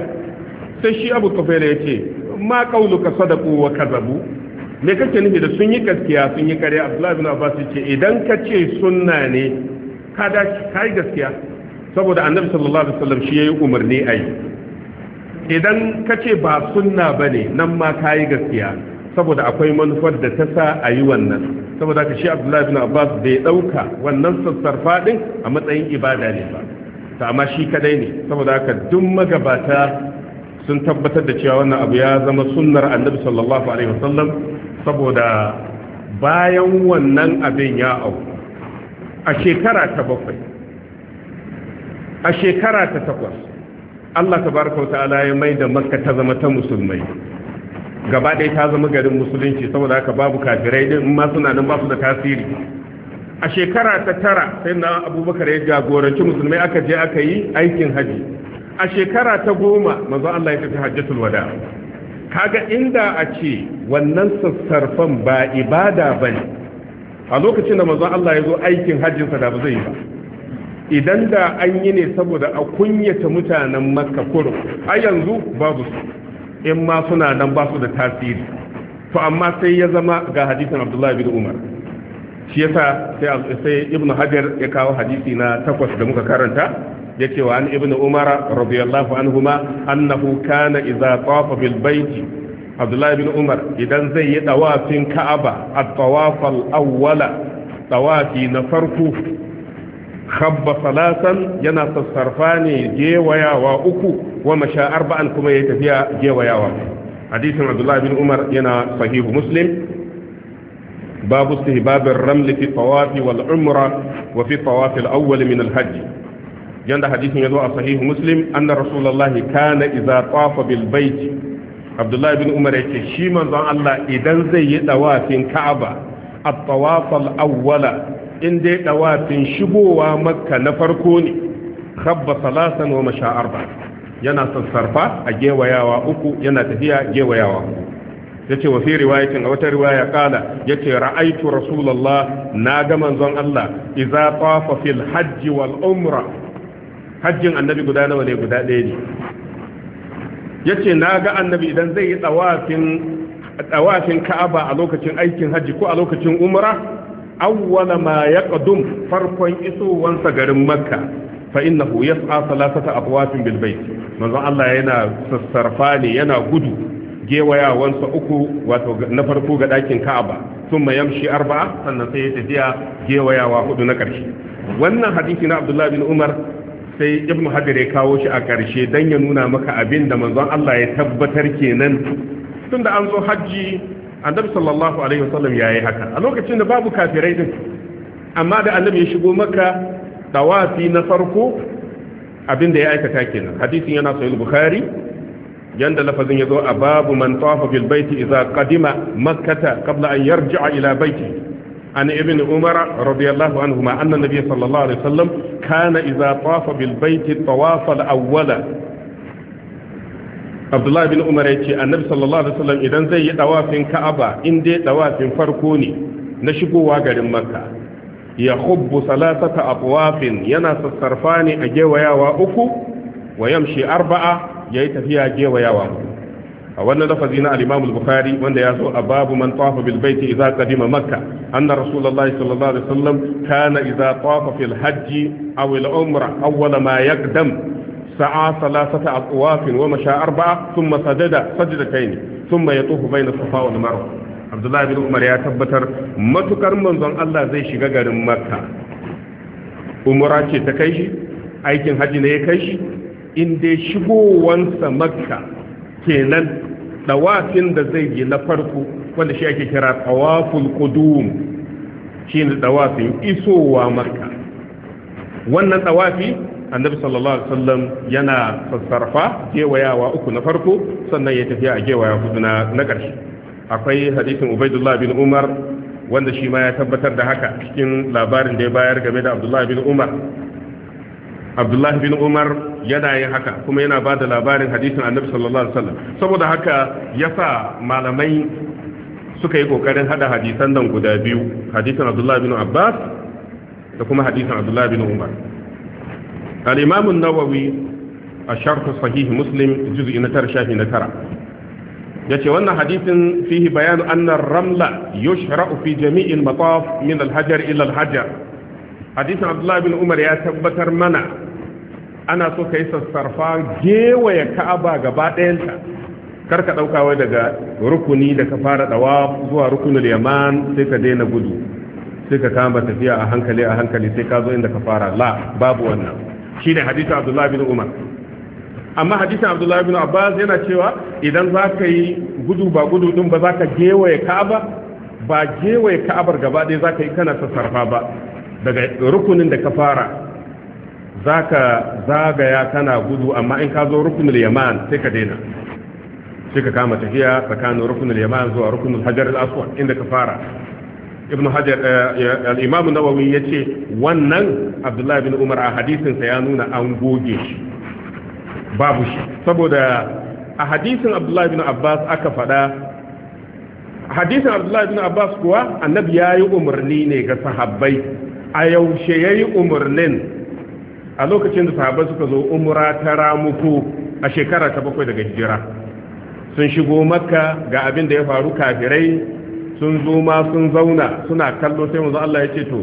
sai shi abu tufail yace ma qauluka sadaku wa kazabu me kake nufi da sun yi gaskiya sun yi karya, abdullahi bin abbas ce idan ka ce sunna ne ka ka yi gaskiya saboda annabi sallallahu alaihi wasallam shi yayi umarni ai idan ka ce ba sunna bane nan ma ka yi gaskiya saboda akwai manufar da ta sa a yi wannan saboda ka shi abdullahi bin abbas bai dauka wannan sassarfa din a matsayin ibada ne ba ta amma shi kadai ne saboda haka duk magabata sun tabbatar da cewa wannan abu ya zama sunnar annabi sallallahu alaihi wasallam saboda bayan wannan abin ya auku a shekara ta bakwai a shekara ta takwas Allah ta tabaraka ta'ala ya mai da makka ta zama ta musulmai gaba ɗaya ta zama garin musulunci saboda haka babu kafirai ɗin ma suna nan ba da tasiri a shekara ta tara sai na abubakar ya jagoranci musulmai aka je aka yi aikin haji a shekara ta goma manzo Allah ya tafi hajjatul wada kaga inda a ce wannan sassarfan ba ibada ba ne a lokacin da mazan Allah ya zo aikin hajjinsa da ba zai yi ba idan da an yi ne saboda a kunyata mutanen maka, kuro a yanzu babu su in ma suna nan ba su da tasiri to amma sai ya zama ga hadisin abdullahi bin umar shi yasa sai sai ibnu hajar ya kawo hadisi na takwas da muka karanta ce wa an ibnu umara radiyallahu anhuma annahu kana idza tawafa bil baiti abdullahi Ibn umar idan zai yi tawafin ka'aba at-tawaf al-awwala tawafi na farko khabba Salasan yana sassarfa ne gewayawa uku wa masha arba'an kuma ya tafiya gewayawa hadisin abdullahi bin umar yana sahihu muslim babu istihbabir ramli fi tawafi wal umra wa fi tawafi al min al-hajj yanda hadisin yazo a sahih muslim ana rasulullahi kana idza tawafa bil bait abdullahi bin umar ya ce shi manzon Allah idan zai yi ɗawafin ka'aba a tawaf awala awwala in dai dawafin shigowa makka na farko ne khabba salasan wa masha arba yana sassarfa a gewayawa uku yana tafiya gewayawa yace wa fi riwayatin a wata riwaya kala yace ra'aitu rasulullah na ga manzon Allah idza tafa fil hajj wal umra hajjin annabi guda nawa ne guda ɗaya ne yace na ga annabi idan zai yi tsawafin Ka'aba a lokacin aikin hajji ko a lokacin umra awwala ma yaqdum farkon isowansa garin Makka فإنه يسعى ثلاثة أبواب manzon Allah yana ينا ne yana gudu. gewayawansa uku wato na farko ga ɗakin ka'aba sun yamshi arba'a sannan sai ya tafiya gewayawa hudu na ƙarshe wannan hadisi na abdullahi bin umar sai ibn hajar ya kawo shi a ƙarshe don ya nuna maka abin da manzon allah ya tabbatar kenan tun da an zo hajji annabi sallallahu alaihi wasallam ya yi haka a lokacin da babu kafirai din amma da annabi ya shigo maka tawafi na farko abin da ya aikata kenan hadisin yana sahih bukhari yanda lafazin ya zo a babu man tawafa bil baiti idza qadima makkata qabla an yarji'a ila baiti an ibn umar radiyallahu anhu ma anna nabiy sallallahu alaihi wasallam kana idza tawafa bil baiti tawafa al awwala abdullah ibn umar yace annabi sallallahu alaihi wasallam idan zai yi dawafin ka'aba in dai dawafin farko ne na shigowa garin makka ya hubbu salatata atwafin yana sassarfa ne a gewayawa uku wa yamshi arba'a ya yi tafiya gewayawa a wannan lafazi na al-imam al-bukhari wanda ya zo a babu man tawafa bil baiti idza qadima makka anna rasulullahi sallallahu alaihi wasallam kana idza tawafa fil hajji aw al-umra awwala ma yaqdam sa'a thalathata atwaf wa masha arba'a thumma sajada sajdatayn thumma yatufu bayna safa wal marwa abdullahi bin umar ya tabbatar matukar manzon Allah zai shiga garin makka umra ce ta kai shi aikin haji ne ya kai shi in dai shigowansa makka kenan dawafin da zai yi na farko wanda shi ake kira tawaful qudum shine dawafin isowa makka wannan dawafi annabi sallallahu alaihi wasallam yana sassarfa gewayawa uku na farko sannan ya tafi a gewaya hudu na na ƙarshe akwai hadisin ubaidullah bin umar wanda shi ma ya tabbatar da haka cikin labarin da ya bayar game da Abdullahi bin umar abdullah bin umar yana yin haka kuma yana ba da labarin hadisin annabi sallallahu alaihi wasallam saboda haka ya sa malamai suka yi kokarin hada hadisan nan guda biyu hadisin abdullah bin abbas da kuma hadisin abdullah bin umar al-imam an-nawawi a sharh sahih muslim juz'i na tara shafi na 9 yace wannan hadisin fihi bayan anna ar-ramla yushra'u fi jami'il mataf min al-hajar ila al-hajar hadisin abdullahi bin umar ya tabbatar mana ana so ka yi sassarfa gewaye ka'aba gaba ɗayanta kar ka ɗaukawa daga rukuni da ka fara ɗawa zuwa rukunin yaman sai ka daina gudu sai ka kama tafiya a hankali a hankali sai ka zo inda ka fara la babu wannan shi ne hadisun abdullahi bin umar amma hadisun abdullahi bin abbas yana cewa idan za ka yi gudu ba gudu din ba za ka gewaye ka'aba ba gewaye ka'abar gaba ɗaya za ka yi kana sassarfa ba daga rukunin da ka fara za ka zagaya kana gudu amma in ka zo rukunul yaman sai ka daina sai ka kama tafiya tsakanin rukunul yaman zuwa rukunul hajar al-aswad inda ka fara ibn hajar eh, al-imam nawawi yace wannan abdullahi bin umar a hadisin sa ya nuna an goge shi babu shi saboda a hadisin abdullahi bin abbas aka fada hadisin abdullahi bin abbas kuwa annabi yayi umarni ne ga sahabbai a yaushe yayi umarnin a lokacin da sahabbai suka zo umra ta ramuku a shekara ta bakwai daga hijira sun shigo makka ga abin da ya faru kafirai sun zo ma sun zauna suna kallo sai manzo Allah ya ce to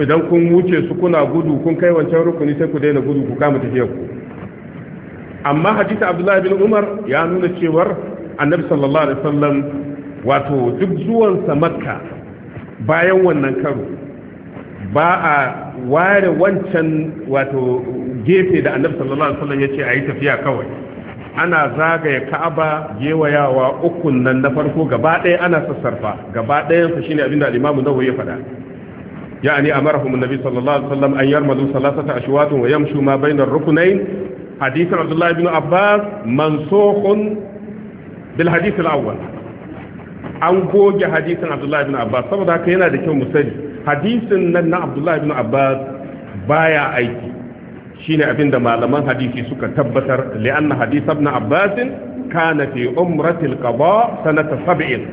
idan kun wuce su kuna gudu kun kai wancan rukuni sai ku daina gudu ku kama tafiyar ku amma hadisi Abdullahi bin Umar ya nuna cewar Annabi sallallahu alaihi wasallam wato duk zuwansa makka bayan wannan karo ba a ware wancan wato gefe da annabi sallallahu alaihi wasallam yace ayi tafiya kawai ana zagaya ka'aba gewayawa ukun nan na farko gaba ɗaya ana sassarfa gaba ɗayan sa shine abinda al-imamu nawawi ya faɗa yani amarahum annabi sallallahu alaihi wasallam an yarmadu salatata ashwatun wa yamshu ma bayna ar-ruknayn hadith abdullah ibn abbas mansukhun bil hadith al-awwal an goge hadisin abdullah ibn abbas saboda haka yana da kyau mu sani hadisin nan na abdullahi ibn abbas baya aiki shine abinda malaman hadisi suka tabbatar li'anna hadith ibn abbas kana fi umratil qada sanata sab'in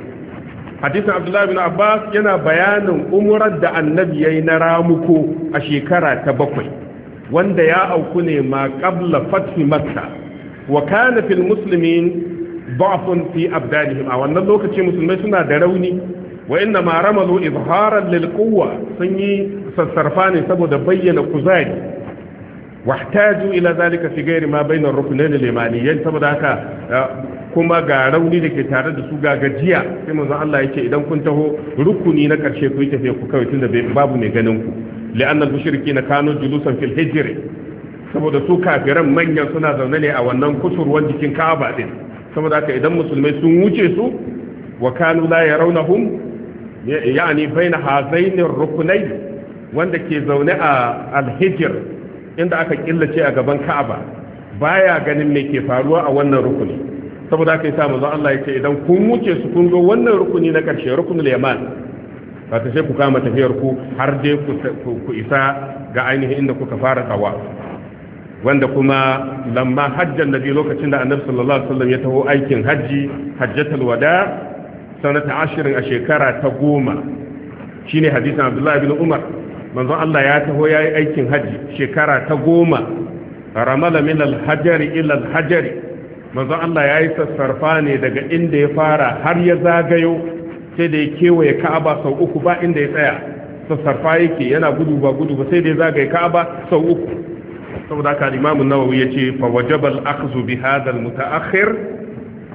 hadisin abdullahi ibn abbas yana bayanin umrar da annabi yayi na ramuko a shekara ta bakwai wanda ya auku ne ma qabla fathi makka wa kana fil muslimin da'fun fi abdanihim a wannan lokaci musulmai suna da rauni wa inna ma ramalu izharan lil quwwa sun yi sassarfa ne saboda bayyana kuzari wahtaju ila zalika fi ghairi ma bayna ar-ruknayn al-imaniyyin saboda haka kuma ga rauni da ke tare da su ga gajiya sai manzon Allah yake idan kun taho rukuni na karshe ku yi tafiya ku kawai tunda babu mai ganin ku li'anna al-mushrikeena kanu julusan fil hijr saboda su kafiran manyan suna zaune ne a wannan kusurwan jikin Ka'aba din saboda haka idan musulmai sun wuce su wa kanu la yarawnahum yani na hazainin rukunai wanda ke zaune a alhijir inda aka killace a gaban ka'aba baya ganin me ke faruwa a wannan rukuni saboda sa yasa manzo Allah ce idan kun wuce su kun zo wannan rukuni na karshe rukunin yaman ba ta sai ku kama tafiyar ku har dai ku isa ga ainihin inda kuka fara tsawa wanda kuma lamma hajjan nabi lokacin da annabi sallallahu alaihi wasallam ya taho aikin hajji hajjatul wada sanata ashirin a shekara ta goma shine hadisin abdullahi bin umar manzon Allah ya taho ya yi aikin hajji shekara ta goma ramala min alhajari ila alhajari manzon Allah ya yi sassarfa ne daga inda ya fara har ya zagayo sai da ya kewaye ka'aba sau uku ba inda ya tsaya sassarfa yake yana gudu ba ba sai da ya zagaye ka'aba sau uku saboda haka imamu nawawi ya ce fa wajaba al-akhdhu bi hadha al-muta'akhir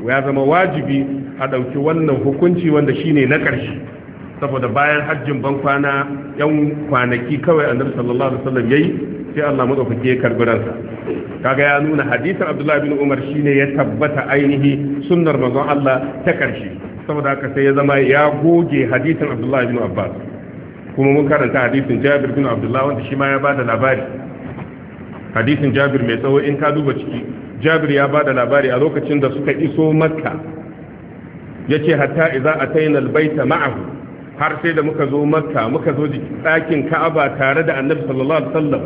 ya zama wajibi a ɗauki wannan hukunci wanda shine na ƙarshe saboda bayan hajjin ban kwana yan kwanaki kawai annabi sallallahu alaihi wasallam yayi sai Allah madaukake ya karbi ransa kaga ya nuna hadisin Abdullah bin Umar shine ya tabbata ainihi sunnar manzon Allah ta ƙarshe saboda haka sai ya zama ya goge hadisin Abdullah bin Abbas kuma mun karanta hadisin Jabir bin Abdullah wanda shi ma ya bada labari hadisin Jabir mai tsawo in ka duba ciki Jabir ya bada labari a lokacin da suka iso Makka ya ce hatta idza ataina albayta ma'ahu har sai da muka zo makka muka zo ɗakin ka'aba tare da annabi sallallahu alaihi wasallam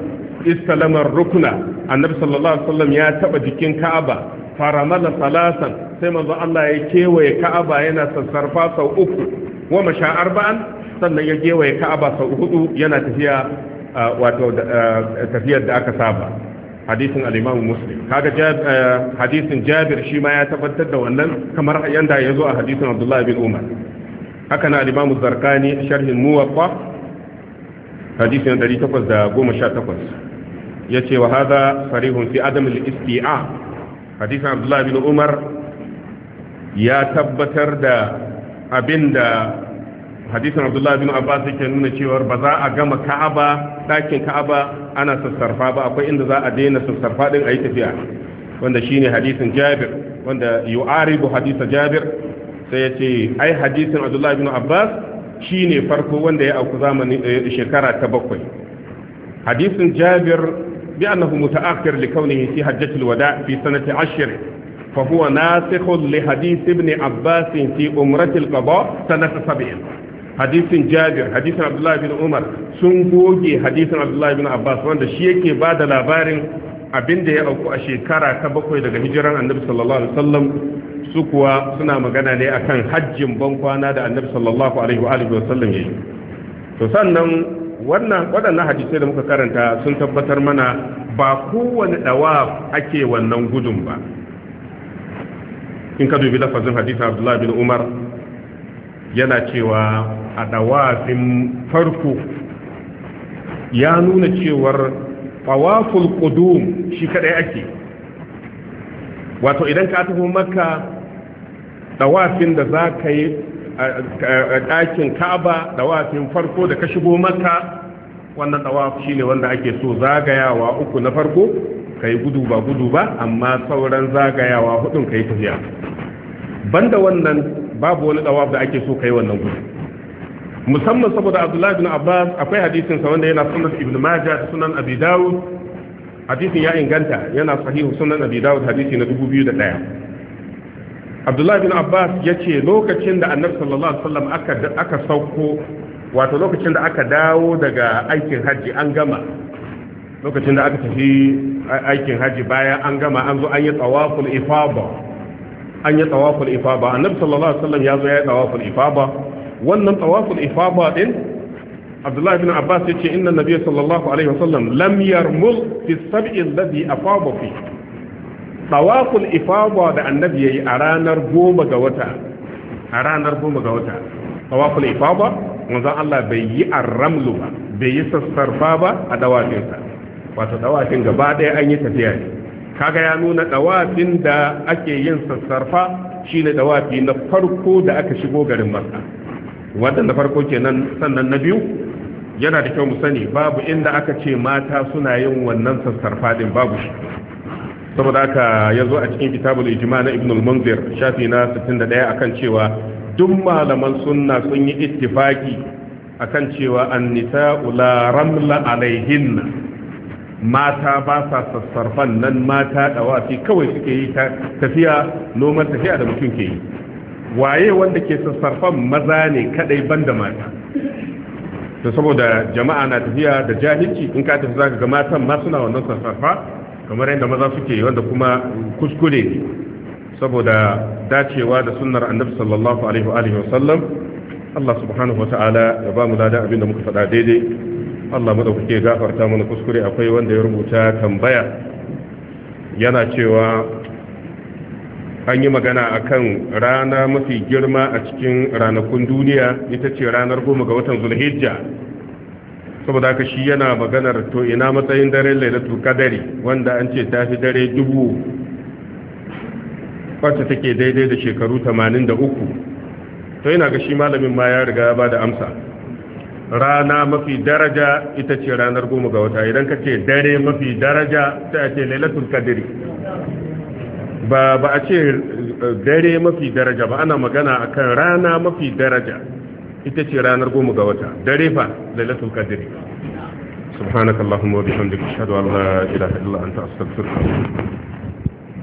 istalama rukuna annabi sallallahu alaihi wasallam ya taba jikin ka'aba faramala salasan sai manzo Allah ya kewaye ka'aba yana sassarfa sau uku wa masha arba'an sannan ya kewaye ka'aba sau hudu yana tafiya wato tafiyar da aka saba hadisin al-Imam Muslim kaga eh, hadisin Jabir shi ma ya tabbatar da wannan kamar yanda ya zo a hadisin Abdullah bin Umar haka na al-Imam Zarkani sharhin Muwatta hadisin 818 yace wa hadha sarihun fi adam al-isti'a hadisin Abdullah bin Umar ya tabbatar da abinda hadisin abdullahi bin abbas yake nuna cewar ba za a gama ka'aba ɗakin ka'aba ana sassarfa ba akwai inda za a daina sassarfa din ayi tafiya wanda shine hadisin jabir wanda yu'aribu hadisa jabir sai ya ce ai hadisin abdullahi bin abbas shine farko wanda ya auku zamanin eh, shekara ta bakwai hadisin jabir bi annahu muta'akhir li kaunihi fi hajjatil wada fi sanati ashir fa huwa nasikh li hadith ibn abbas fi umratil qada sanata 70 hadisin jabir hadisin abdullahi bin umar sun goge hadisin abdullahi bin abbas wanda shi yake ba da labarin abin da ya auku a shekara ta bakwai daga hijiran annabi sallallahu alaihi wasallam su kuwa suna magana ne akan hajjin bankwana da annabi sallallahu alaihi wa sallam yi to sannan wannan waɗannan hadisai da muka karanta sun tabbatar mana ba kowane dawa ake wannan gudun ba in ka dubi lafazin hadisin abdullahi bin umar yana cewa a dawafin farko ya nuna cewar fawaful kudum shi kadai ake wato idan ka tafi maka dawafin da za ka yi a ɗakin ka'aba dawafin farko da ka shigo maka wannan shi shine wanda ake so zagayawa uku na farko yi gudu ba gudu ba amma sauran zagayawa hudun yi tafiya banda wannan babu wani dawaf da ake so kai wannan gudu musamman saboda abdullahi bin abbas akwai hadisin sa wanda yana sunan ibn majah da sunan abi dawud hadisin ya inganta yana sahihu sunan abi dawud hadisi na 2001 abdullahi bin abbas yace lokacin da annabi sallallahu alaihi wasallam aka aka sauko wato lokacin da aka dawo daga aikin hajji an gama lokacin da aka tafi aikin hajji bayan an gama an zo an yi tsawaful ifada an yi tawaful ifaba annabi sallallahu alaihi wasallam ya zo ya yi tawaful ifaba wannan tawaful ifaba din Abdullah ibn Abbas yace inna nabiyyi sallallahu alaihi wasallam lam yarmul fi sab'i alladhi afaba fi tawaful ifaba da annabi yayi a ranar goma ga wata a ranar goma ga wata tawaful ifaba manzon Allah bai yi arramlu ba bai yi sassarfa ba a dawafinsa wato dawafin gaba ɗaya an yi tafiya ne kaga ya nuna dawafin da ake yin sassarfa shi ne dawafi na farko da aka shigo garin Mas'a. Wadanda na farko kenan sannan na biyu yana da kyau mu sani babu inda aka ce mata suna yin wannan sassarfa din babu shi saboda haka zo a cikin kitabul ijma na ibnul munzir shafi na 61 akan cewa duk malaman sunna sun yi ittifaki akan cewa an-nisa'u la ramla alaihinna mata ba sa sassarfan nan mata dawafi kawai suke yi tafiya noman tafiya da mutum ke yi waye wanda ke sassarfan maza ne kadai banda mata to saboda jama'a na tafiya da jahilci in ka tafi zaka ga matan ma suna wannan sassarfa kamar yadda maza suke yi wanda kuma kuskure ne saboda dacewa da sunnar annabi sallallahu alaihi wa sallam Allah subhanahu wa ta'ala ya ba mu ladan abin da muka faɗa daidai Allah madaukake gafarta mana kuskure akwai wanda ya rubuta tambaya yana cewa an yi magana a kan rana mafi girma a cikin ranakun duniya ita ce ranar goma ga watan zulhijja saboda haka shi yana maganar to ina matsayin na lailatul dare wanda an ce tafi dare dubu wacce take daidai da shekaru 83 to ina ga shi malamin ma ya riga ba da amsa rana mafi daraja ita ce ranar goma ga wata idan ka ce dare mafi daraja ta ce lailatul kadiri ba ba a ce eh, dare mafi daraja ba ana magana akan rana mafi daraja ita ce ranar goma ga wata dare fa lailatul kadiri subhanakallahumma wa bihamdika ashhadu an la ilaha illa anta astaghfiruka